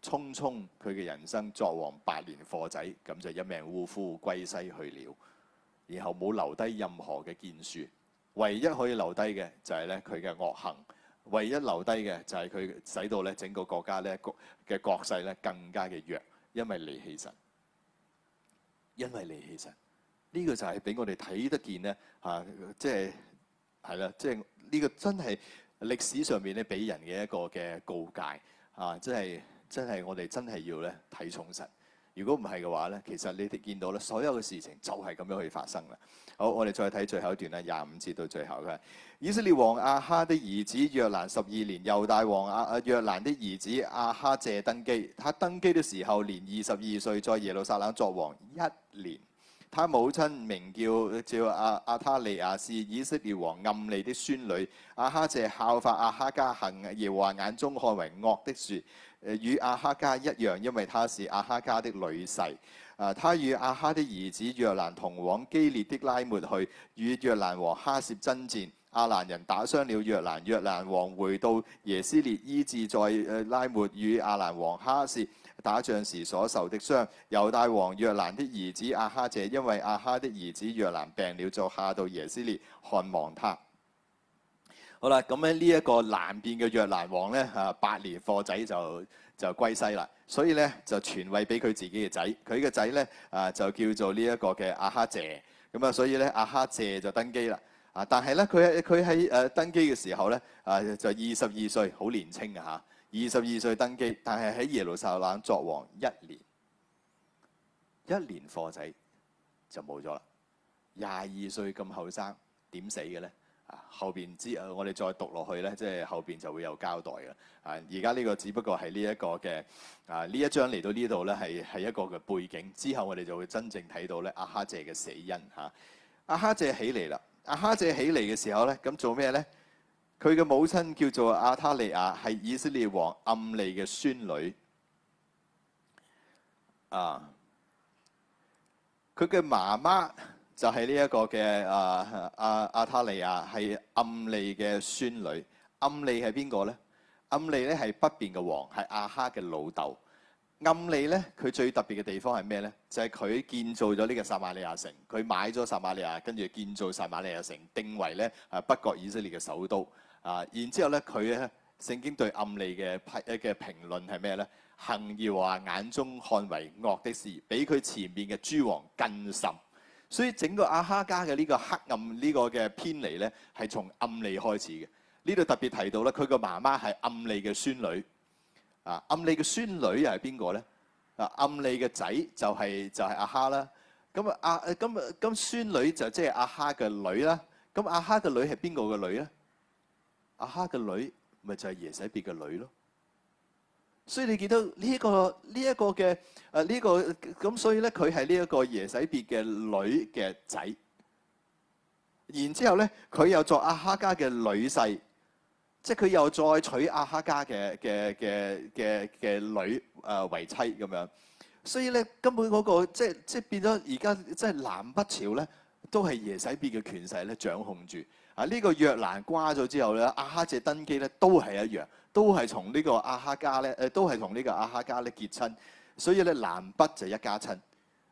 匆匆佢嘅人生作王八年貨仔，咁就一命嗚呼歸西去了，然後冇留低任何嘅建樹。唯一可以留低嘅就係咧佢嘅惡行，唯一留低嘅就係佢使到咧整個國家咧國嘅國勢咧更加嘅弱，因為離棄神，因為離棄神呢、呢個就係俾我哋睇得見咧嚇，即係係啦，即係呢個真係歷史上面咧俾人嘅一個嘅告誡啊，即係、真係真係我哋真係要咧睇重神。如果唔係嘅話咧，其實你哋見到咧，所有嘅事情就係咁樣去發生啦。好，我哋再睇最後一段啦，廿五節到最後嘅以色列王阿哈的兒子約蘭十二年，猶大王阿阿約蘭的兒子阿哈謝登基。他登基的時候年二十二歲，在耶路撒冷作王一年。他母親名叫叫阿阿他利亞，是以色列王暗利的孫女。阿哈謝效法阿哈加行耶和華眼中看為惡的事。與與阿哈家一樣，因為他是阿哈家的女婿。呃、他與與阿哈的兒子約蘭同往基列的拉末去，與約蘭王哈涉爭戰。亞蘭人打傷了約蘭，約蘭王回到耶斯列醫治在拉末與亞蘭王哈涉打仗時所受的傷。猶大王約蘭的兒子阿哈謝，因為阿哈的兒子約蘭病了，就下到耶斯列看望他。好啦，咁咧呢一個南邊嘅約蘭王咧，啊八年貨仔就就歸西啦，所以咧就傳位俾佢自己嘅仔，佢嘅仔咧啊就叫做呢一個嘅亞哈謝，咁啊所以咧亞哈謝就登基啦，啊但係咧佢係佢喺誒登基嘅時候咧啊就二十二歲，好年青啊嚇，二十二歲登基，但係喺耶路撒冷作王一年，一年貨仔就冇咗啦，廿二歲咁後生點死嘅咧？後邊之我哋再讀落去咧，即係後邊就會有交代嘅。啊，而家呢個只不過係呢一,一個嘅啊，呢一章嚟到呢度咧，係係一個嘅背景。之後我哋就會真正睇到咧，阿哈謝嘅死因嚇。阿、啊、哈謝起嚟啦，阿、啊、哈謝起嚟嘅時候咧，咁做咩咧？佢嘅母親叫做亞他利亞，係以色列王暗利嘅孫女。啊，佢嘅媽媽。就係呢一個嘅啊，啊，阿阿塔利亞係暗利嘅孫女。暗利係邊個咧？暗利咧係北邊嘅王，係亞哈嘅老豆。暗利咧，佢最特別嘅地方係咩咧？就係、是、佢建造咗呢個撒瑪利亞城，佢買咗撒瑪利亞，跟住建造撒瑪利亞城，定為咧北國以色列嘅首都啊。然之後咧，佢咧聖經對暗利嘅批嘅評論係咩咧？行耶和華眼中看為惡的事，比佢前面嘅諸王更甚。所以整個阿哈家嘅呢個黑暗呢個嘅偏離咧，係從暗利開始嘅。呢度特別提到啦，佢個媽媽係暗利嘅孫女，啊，暗利嘅孫女又係邊個咧？啊，暗利嘅仔就係就係阿哈啦。咁啊啊，咁啊咁孫女就即係阿哈嘅女啦。咁阿哈嘅女係邊個嘅女咧？阿哈嘅女咪就係耶洗別嘅女咯。所以你見到呢、這、一個呢一、這個嘅誒呢個咁，所以咧佢係呢一個耶洗別嘅女嘅仔。然之後咧，佢又作亞哈家嘅女婿，即係佢又再娶亞哈家嘅嘅嘅嘅嘅女誒、呃、為妻咁樣。所以咧根本嗰、那個即係即係變咗而家即係南北朝咧，都係耶洗別嘅權勢咧掌控住啊！呢、這個約蘭瓜咗之後咧，亞、啊、哈謝登基咧都係一樣。都係同呢個阿哈家咧，誒都係同呢個阿哈家咧結親，所以咧南北就一家親。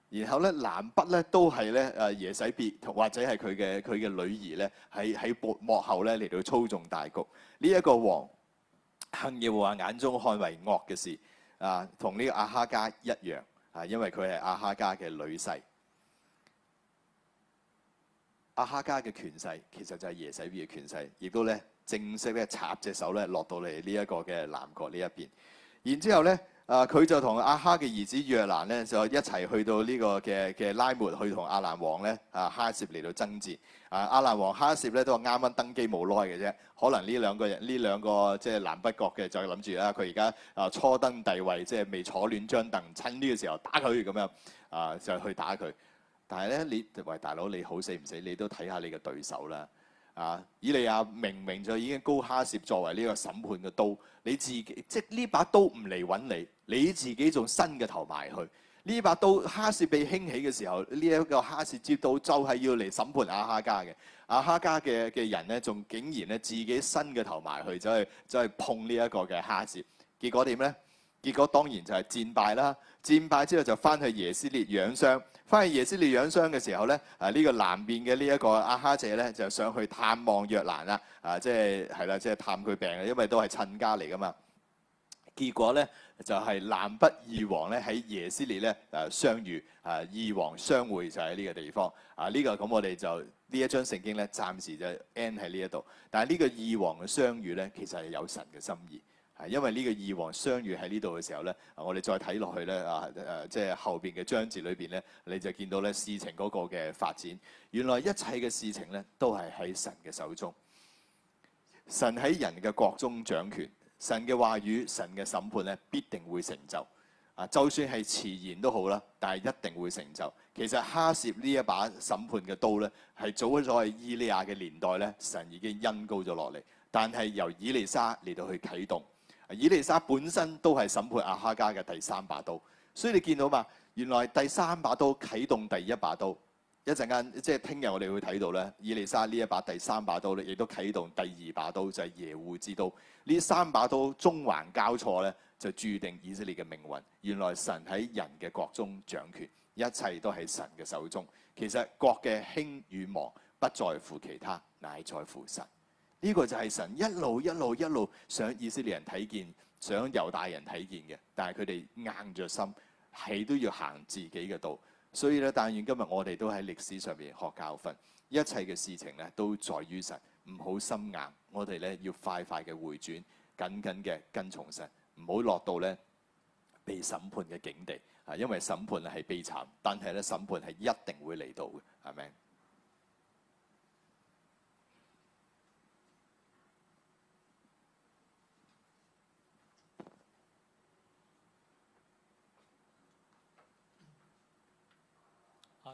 然後咧南北咧都係咧誒耶洗別，或者係佢嘅佢嘅女兒咧，喺喺幕幕後咧嚟到操縱大局。呢、這、一個王，行耶和華眼中看為惡嘅事，啊，同呢個阿哈家一樣啊，因為佢係阿哈家嘅女婿。阿哈家嘅權勢其實就係耶洗別嘅權勢，亦都咧。正式咧插隻手咧落到嚟呢一個嘅南國呢一邊，然之後咧啊佢就同阿哈嘅兒子約蘭咧就一齊去到這個去呢個嘅嘅拉末去同阿蘭王咧啊哈涉嚟到爭戰啊阿蘭王哈涉咧都話啱啱登基冇耐嘅啫，可能呢兩個人呢兩個即係南北國嘅就諗住啦，佢而家啊初登帝位即係未坐暖張凳，趁呢個時候打佢咁樣啊就去打佢，但係咧你喂大佬你好死唔死？你都睇下你嘅對手啦。啊，以利亞明明就已經膏哈薛作為呢個審判嘅刀，你自己即係呢把刀唔嚟揾你，你自己仲伸嘅頭埋去。呢把刀哈薛被興起嘅時候，呢一個哈薛接到就係要嚟審判亞哈家嘅亞哈家嘅嘅人咧，仲竟然咧自己伸嘅頭埋去，就去就去碰呢一個嘅哈薛。結果點咧？結果當然就係戰敗啦。戰敗之後就翻去耶斯列養傷。翻去耶斯利養傷嘅時候咧，啊、這、呢個南邊嘅呢一個阿哈謝咧就上去探望約蘭啦，啊即係係啦，即、就、係、是就是、探佢病嘅，因為都係親家嚟噶嘛。結果咧就係、是、南北二王咧喺耶斯利咧啊相遇啊，二王相會就喺呢個地方啊、這個、這呢個，咁我哋就呢一章聖經咧暫時就 end 喺呢一度，但係呢個二王嘅相遇咧其實係有神嘅心意。因為呢個二王相遇喺呢度嘅時候呢，我哋再睇落去呢，啊，誒、啊，即係後邊嘅章節裏邊呢，你就見到呢事情嗰個嘅發展。原來一切嘅事情呢，都係喺神嘅手中。神喺人嘅國中掌權，神嘅話語、神嘅審判呢，必定會成就。啊，就算係遲延都好啦，但係一定會成就。其實哈薛呢一把審判嘅刀呢，係早咗喺以利亞嘅年代呢，神已經恩高咗落嚟，但係由以利沙嚟到去啟動。以利沙本身都係審判亞哈家嘅第三把刀，所以你見到嘛？原來第三把刀啟動第一把刀一，一陣間即係聽日我哋會睇到咧。以利沙呢一把第三把刀咧，亦都啟動第二把刀，就係、是、耶戶之刀。呢三把刀縱橫交錯咧，就註定以色列嘅命運。原來神喺人嘅國中掌權，一切都喺神嘅手中。其實國嘅興與亡，不在乎其他，乃在乎神。呢個就係神一路一路一路想以色列人睇見，想猶大人睇見嘅。但係佢哋硬着心，係都要行自己嘅道。所以咧，但願今日我哋都喺歷史上面學教訓，一切嘅事情咧都在於神，唔好心硬。我哋咧要快快嘅回轉，緊緊嘅跟從神，唔好落到咧被審判嘅境地。啊，因為審判咧係悲慘，但係咧審判係一定會嚟到嘅。係咪？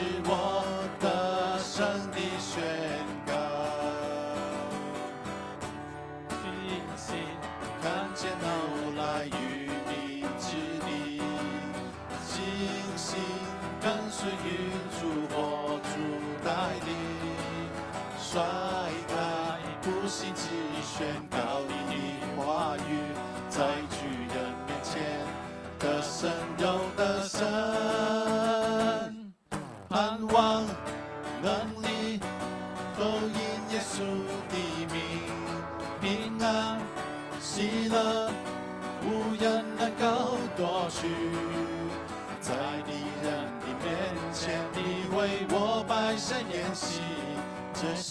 是我。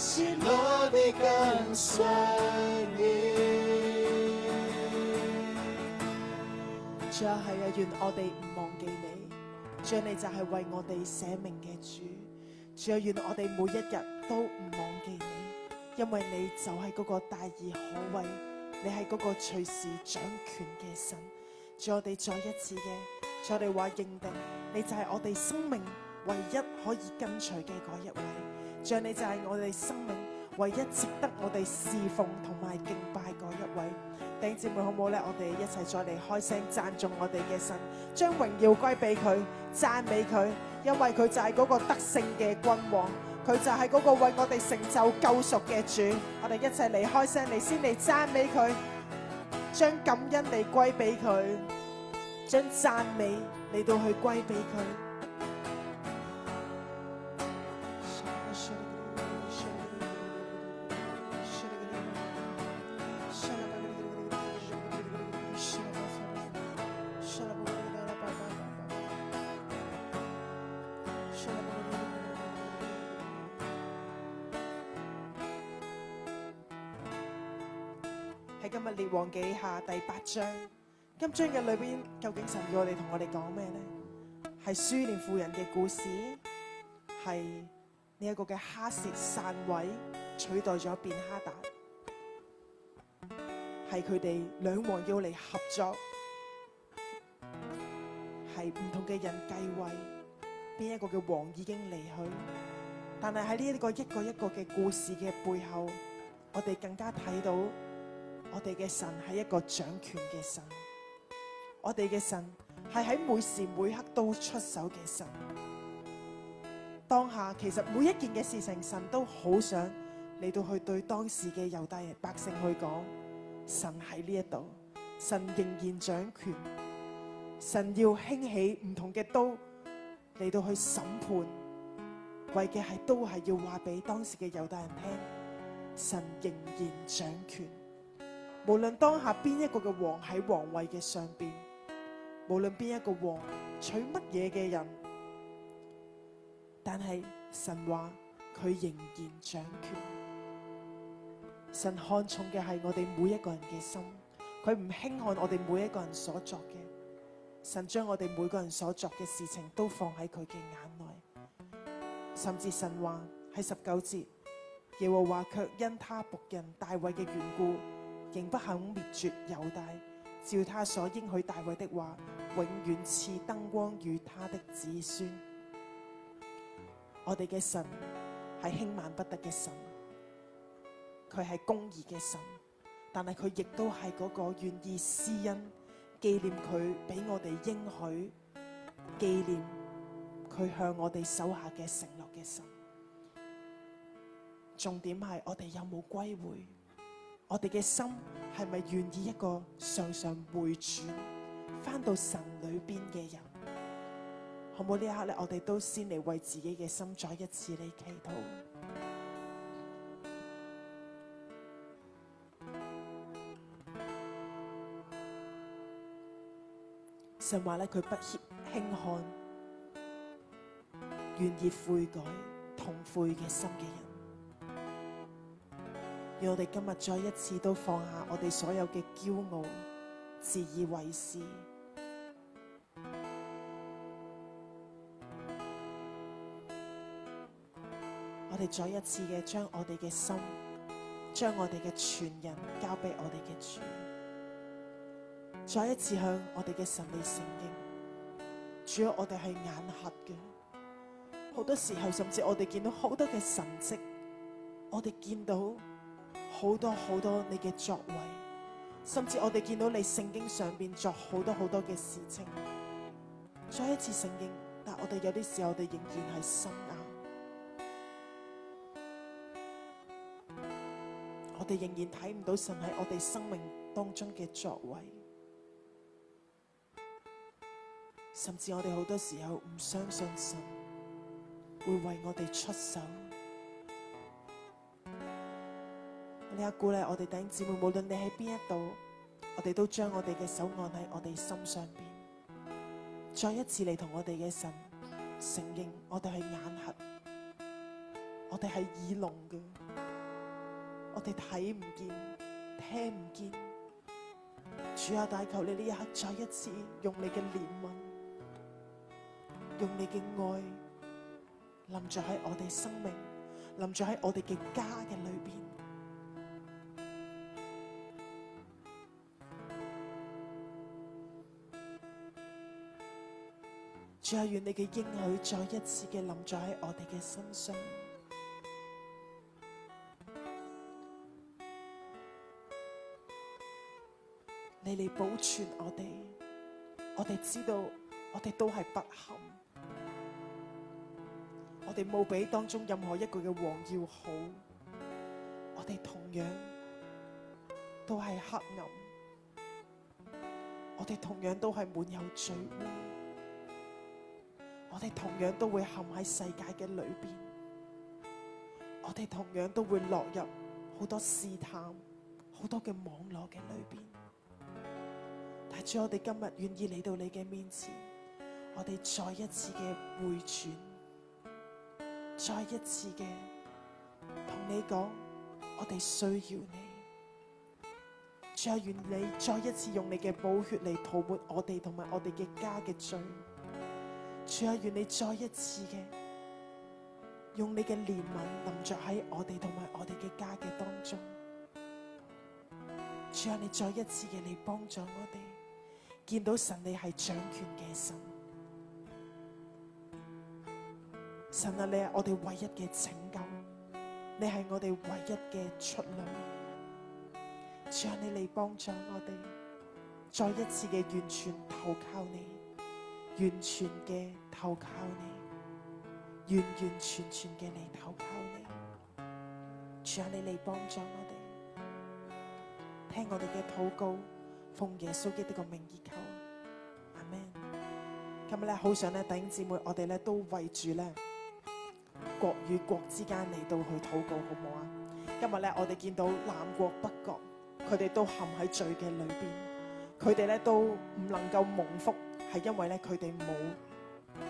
喜更地跟隨你。主啊，願我哋唔忘記你，主，你就係為我哋寫名嘅主。主啊，願我哋每一日都唔忘記你，因為你就係嗰個大而可畏，你係嗰個隨時掌權嘅神。主，我哋再一次嘅，我哋話認定，你就係我哋生命唯一可以跟隨嘅嗰一位。主你，就係我哋生命唯一值得我哋侍奉同埋敬拜嗰一位，弟兄姊妹，好唔好咧？我哋一齊再嚟開聲讚頌我哋嘅神，將榮耀歸俾佢，讚美佢，因為佢就係嗰個得勝嘅君王，佢就係嗰個為我哋成就救贖嘅主。我哋一齊嚟開聲，你先嚟讚美佢，將感恩你歸俾佢，將讚美嚟到去歸俾佢。今章嘅裏邊究竟神要我哋同我哋講咩呢？係書念婦人嘅故事，係呢一個嘅哈薛篡位取代咗便哈達，係佢哋兩王要嚟合作，係唔同嘅人繼位，邊一個嘅王已經離去，但係喺呢一個一個一個嘅故事嘅背後，我哋更加睇到。我哋嘅神係一個掌權嘅神，我哋嘅神係喺每時每刻都出手嘅神。當下其實每一件嘅事情，神都好想嚟到去對當時嘅猶大人百姓去講，神喺呢一度，神仍然掌權，神要興起唔同嘅刀嚟到去審判，為嘅係都係要話俾當時嘅猶大人聽，神仍然掌權。無論當下邊一個嘅王喺皇位嘅上邊，無論邊一個王娶乜嘢嘅人，但係神話佢仍然掌權。神看重嘅係我哋每一個人嘅心，佢唔輕看我哋每一個人所作嘅。神將我哋每個人所作嘅事情都放喺佢嘅眼內，甚至神話喺十九節，耶和華卻因他僕人大衛嘅緣故。仍不肯滅絕猶大，照他所應許大衛的話，永遠賜燈光與他的子孫。我哋嘅神係輕慢不得嘅神，佢係公義嘅神，但係佢亦都係嗰個願意施恩、紀念佢俾我哋應許、紀念佢向我哋手下嘅承諾嘅神。重點係我哋有冇歸回。我哋嘅心係咪願意一個常常回轉翻到神裏邊嘅人？好唔好呢一刻咧？我哋都先嚟為自己嘅心再一次嚟祈禱。神話咧，佢不輕看願意悔改痛悔嘅心嘅人。要我哋今日再一次都放下我哋所有嘅驕傲、自以為是。我哋再一次嘅將我哋嘅心、將我哋嘅全人交俾我哋嘅主。再一次向我哋嘅神嚟承認，主啊，我哋係眼黑嘅，好多時候甚至我哋見到好多嘅神跡，我哋見到。好多好多你嘅作為，甚至我哋見到你聖經上邊作好多好多嘅事情，再一次承認，但我哋有啲時候我，我哋仍然係心硬，我哋仍然睇唔到神喺我哋生命當中嘅作為，甚至我哋好多時候唔相信神會為我哋出手。你下鼓勵我哋弟兄姊妹，無論你喺邊一度，我哋都將我哋嘅手按喺我哋心上邊。再一次嚟，同我哋嘅神承認我們，我哋係眼瞎，我哋係耳聾嘅，我哋睇唔見，聽唔見。主啊，大求你呢一刻再一次用你嘅憐憫，用你嘅愛淋著喺我哋生命，淋著喺我哋嘅家嘅裏邊。再願你嘅應許再一次嘅臨在喺我哋嘅身上，你嚟保存我哋。我哋知道，我哋都係不幸。我哋冇比當中任何一個嘅王要好。我哋同樣都係黑暗。我哋同樣都係滿有罪。我哋同樣都會陷喺世界嘅裏面。我哋同樣都會落入好多試探、好多嘅網絡嘅裏邊。但係，主，我哋今日願意嚟到你嘅面前，我哋再一次嘅回轉，再一次嘅同你講，我哋需要你，求願你再一次用你嘅寶血嚟塗抹我哋同埋我哋嘅家嘅罪。主啊，願你再一次嘅用你嘅憐憫臨在喺我哋同埋我哋嘅家嘅當中。主啊，你再一次嘅嚟幫助我哋，見到神你係掌權嘅神，神，神啊，你係我哋唯一嘅拯救，你係我哋唯一嘅出路。主啊，你嚟幫助我哋，再一次嘅完全投靠你。完全嘅投靠你，完完全全嘅嚟投靠你，求下你嚟幫助我哋，聽我哋嘅禱告，奉耶穌基督嘅名祈求，阿門。今日咧，好想咧，弟兄姊妹，我哋咧都圍住咧國與國之間嚟到去禱告，好唔好啊？今日咧，我哋見到南國北國，佢哋都陷喺罪嘅裏邊，佢哋咧都唔能夠蒙福。係因為咧，佢哋冇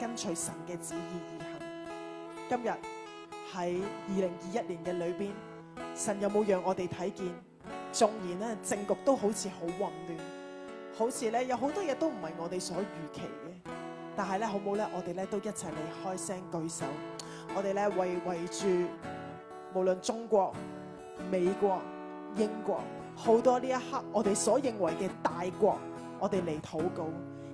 跟隨神嘅旨意而行。今日喺二零二一年嘅裏邊，神有冇讓我哋睇見？縱然咧，政局都好似好混亂，好似咧有好多嘢都唔係我哋所預期嘅。但係咧，好冇咧，我哋咧都一齊嚟，開聲舉手，我哋咧圍圍住，無論中國、美國、英國，好多呢一刻我哋所認為嘅大國，我哋嚟禱告。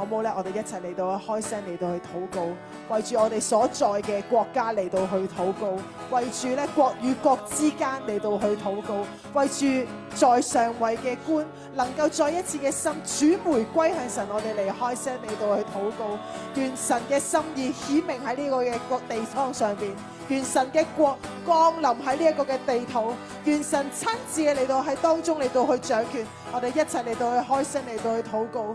好唔好咧？我哋一齊嚟到開聲，嚟到去禱告，為住我哋所在嘅國家嚟到去禱告，為住咧國與國之間嚟到去禱告，為住在上位嘅官能夠再一次嘅心轉回歸向神。我哋嚟開聲嚟到去禱告，願神嘅心意顯明喺呢個嘅國地方上邊，願神嘅國降臨喺呢一個嘅地土，願神親自嘅嚟到喺當中嚟到去掌權。我哋一齊嚟到去開聲嚟到去禱告。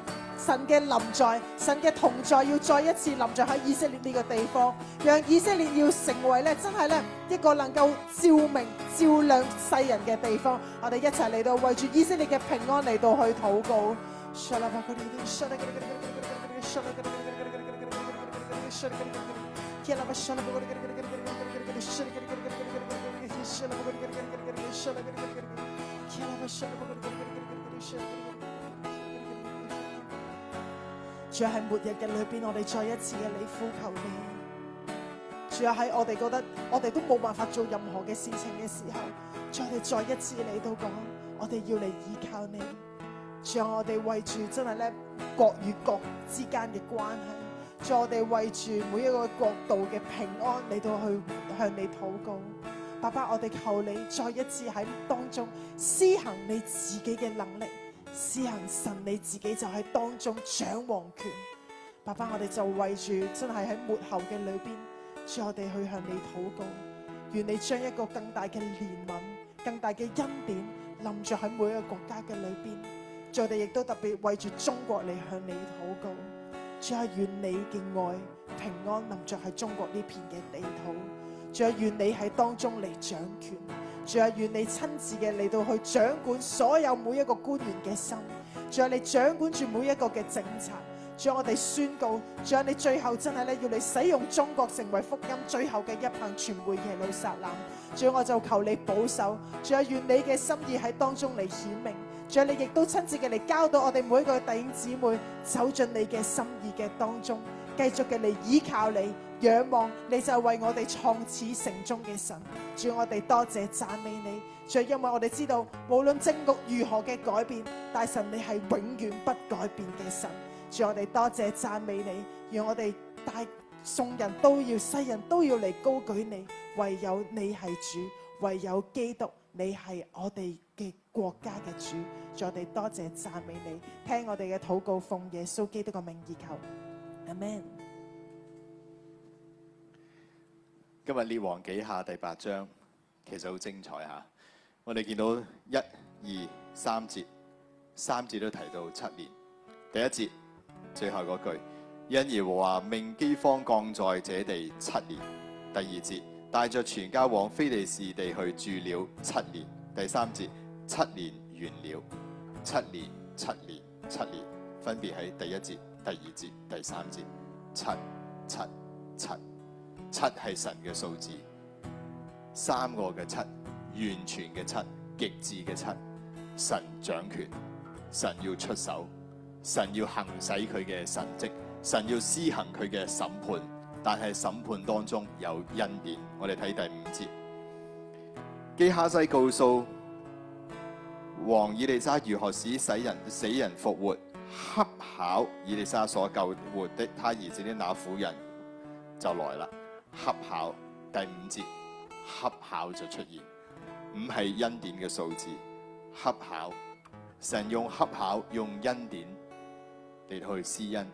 神嘅臨在，神嘅同在，要再一次臨在喺以色列呢個地方，讓以色列要成為咧，真係咧一個能夠照明、照亮世人嘅地方。我哋一齊嚟到為住以色列嘅平安嚟到去禱告。仲有喺末日嘅裏邊，我哋再一次嘅你呼求你；仲有喺我哋覺得我哋都冇辦法做任何嘅事情嘅時候，我哋再一次你都講，我哋要嚟依靠你；仲有我哋為住真係咧國與國之間嘅關係，仲有我哋為住每一個國度嘅平安嚟到去向你禱告，爸爸，我哋求你再一次喺當中施行你自己嘅能力。施行神你自己就喺當中掌王權，爸爸，我哋就為住真係喺末後嘅裏邊，主，我哋去向你禱告，願你將一個更大嘅憐憫、更大嘅恩典臨著喺每一個國家嘅裏邊，主，我哋亦都特別為住中國嚟向你禱告，主啊，願你嘅愛平安臨著喺中國呢片嘅地土，主啊，願你喺當中嚟掌權。仲有願你親自嘅嚟到去掌管所有每一個官員嘅心，仲有你掌管住每一個嘅政策，仲有我哋宣告，仲有你最後真係咧要你使用中國成為福音最後嘅一棒傳回耶路撒冷，仲有我就求你保守，仲有願你嘅心意喺當中嚟顯明，仲有你亦都親自嘅嚟交到我哋每一個弟兄姊妹走進你嘅心意嘅當中。繼續嘅嚟依靠你、仰望你，就係為我哋創始成終嘅神。主我哋多謝讚美你，就係因為我哋知道，無論政局如何嘅改變，大神你係永遠不改變嘅神。主我哋多謝讚美你，讓我哋大眾人都要、世人都要嚟高舉你，唯有你係主，唯有基督，你係我哋嘅國家嘅主。主我哋多謝讚美你，聽我哋嘅禱告，奉耶穌基督嘅名而求。Amen。今日列王紀下第八章其實好精彩吓，我哋見到一二三節，三節都提到七年。第一節最後嗰句，因耶和華命飢荒降在這地七年。第二節帶着全家往非利士地去住了七年。第三節七年完了，七年七年七年，分別喺第一節。第二節、第三節，七、七、七，七係神嘅數字，三個嘅七，完全嘅七，極致嘅七，神掌權，神要出手，神要行使佢嘅神蹟，神要施行佢嘅審判，但係審判當中有恩典。我哋睇第五節，基哈西告訴王以利沙如何使使人死人復活。恰巧以利沙所救活的他兒子的那婦人就來啦。恰巧第五節，恰巧就出現，五係恩典嘅數字。恰巧神用恰巧用恩典嚟去施恩，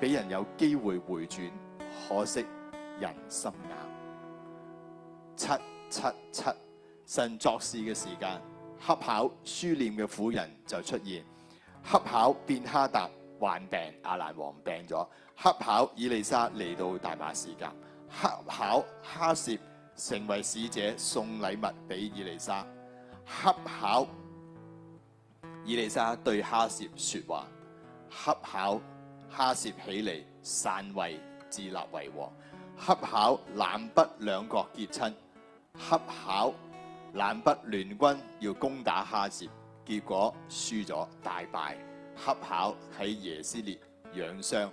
俾人有機會回轉，可惜人心硬。七七七，神作事嘅時間，恰巧書念嘅婦人就出現。恰巧便哈達患病，亞蘭王病咗。恰巧以利沙嚟到大馬士革。恰巧哈涉成為使者，送禮物俾以利沙。恰巧以利沙對哈涉説話。恰巧哈涉起嚟散位自立為王。恰巧南北兩國結親。恰巧南北聯軍要攻打哈涉。結果輸咗，大敗，恰巧喺耶斯列養傷。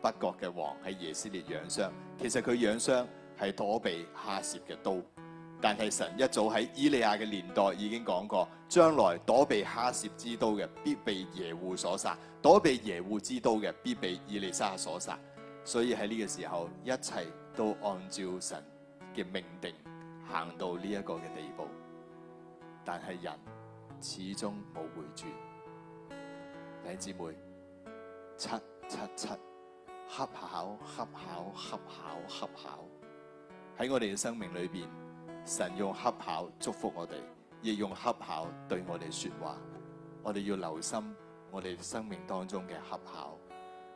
北國嘅王喺耶斯列養傷。其實佢養傷係躲避哈薛嘅刀。但係神一早喺以利亞嘅年代已經講過，將來躲避哈薛之刀嘅必被耶戶所殺，躲避耶戶之刀嘅必被以利沙所殺。所以喺呢個時候，一切都按照神嘅命定行到呢一個嘅地步。但係人。始終冇回轉，弟兄姊妹，七七七恰巧、恰巧、恰巧、恰巧。喺我哋嘅生命裏邊，神用恰巧祝福我哋，亦用恰巧對我哋說話。我哋要留心我哋生命當中嘅恰巧。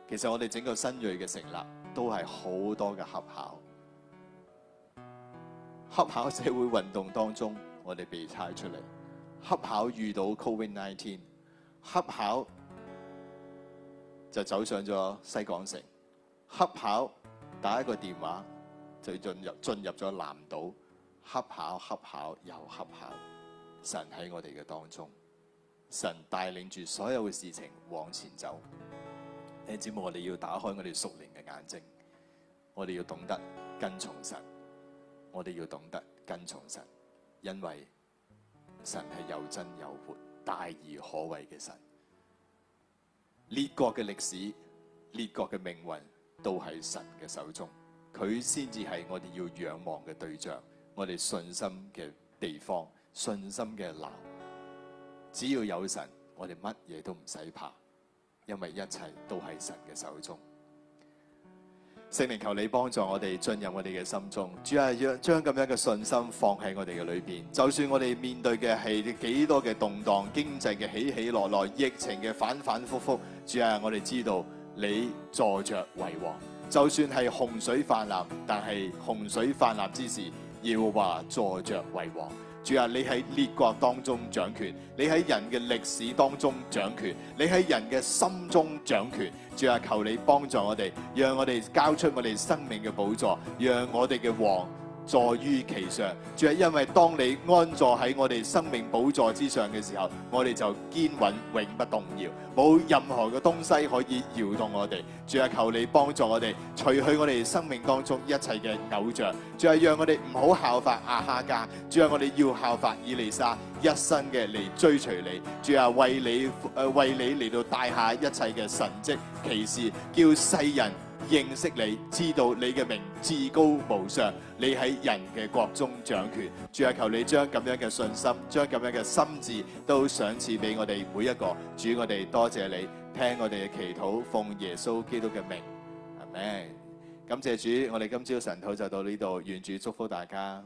其實我哋整個新銳嘅成立都係好多嘅恰巧。恰巧社會運動當中，我哋被猜出嚟。恰巧遇到 Covid-Nineteen，恰巧就走上咗西港城，恰巧打一個電話就進入進入咗南島，恰巧恰巧又恰巧，神喺我哋嘅當中，神帶領住所有嘅事情往前走。誒，姊妹我哋要打開我哋屬靈嘅眼睛，我哋要懂得跟從神，我哋要懂得跟從神，因為。神係有真有活，大而可畏嘅神。列國嘅歷史、列國嘅命運都喺神嘅手中，佢先至係我哋要仰望嘅對象，我哋信心嘅地方、信心嘅牢。只要有神，我哋乜嘢都唔使怕，因為一切都喺神嘅手中。聖靈，求你幫助我哋進入我哋嘅心中，主啊，要將咁樣嘅信心放喺我哋嘅裏邊。就算我哋面對嘅係幾多嘅動盪、經濟嘅起起落落、疫情嘅反反復復，主啊，我哋知道你坐着為王。就算係洪水泛濫，但係洪水泛濫之時，要話坐着為王。主啊，你喺列國當中掌權，你喺人嘅歷史當中掌權，你喺人嘅心中掌權。主啊，求你幫助我哋，讓我哋交出我哋生命嘅寶座，讓我哋嘅王。坐於其上，主啊！因為當你安坐喺我哋生命寶座之上嘅時候，我哋就堅穩永不動搖，冇任何嘅東西可以搖動我哋。主啊！求你幫助我哋，除去我哋生命當中一切嘅偶像。主啊！讓我哋唔好效法亞哈家，主啊！我哋要效法以利沙，一生嘅嚟追隨你。主啊！為你誒為你嚟到帶下一切嘅神跡奇事，叫世人，認識你，知道你嘅名至高無上，你喺人嘅國中掌權。主啊，求你將咁樣嘅信心，將咁樣嘅心志都賞賜俾我哋每一個。主，我哋多謝你，聽我哋嘅祈禱，奉耶穌基督嘅名，係咪？感謝主，我哋今朝晨禱就到呢度，願主祝福大家。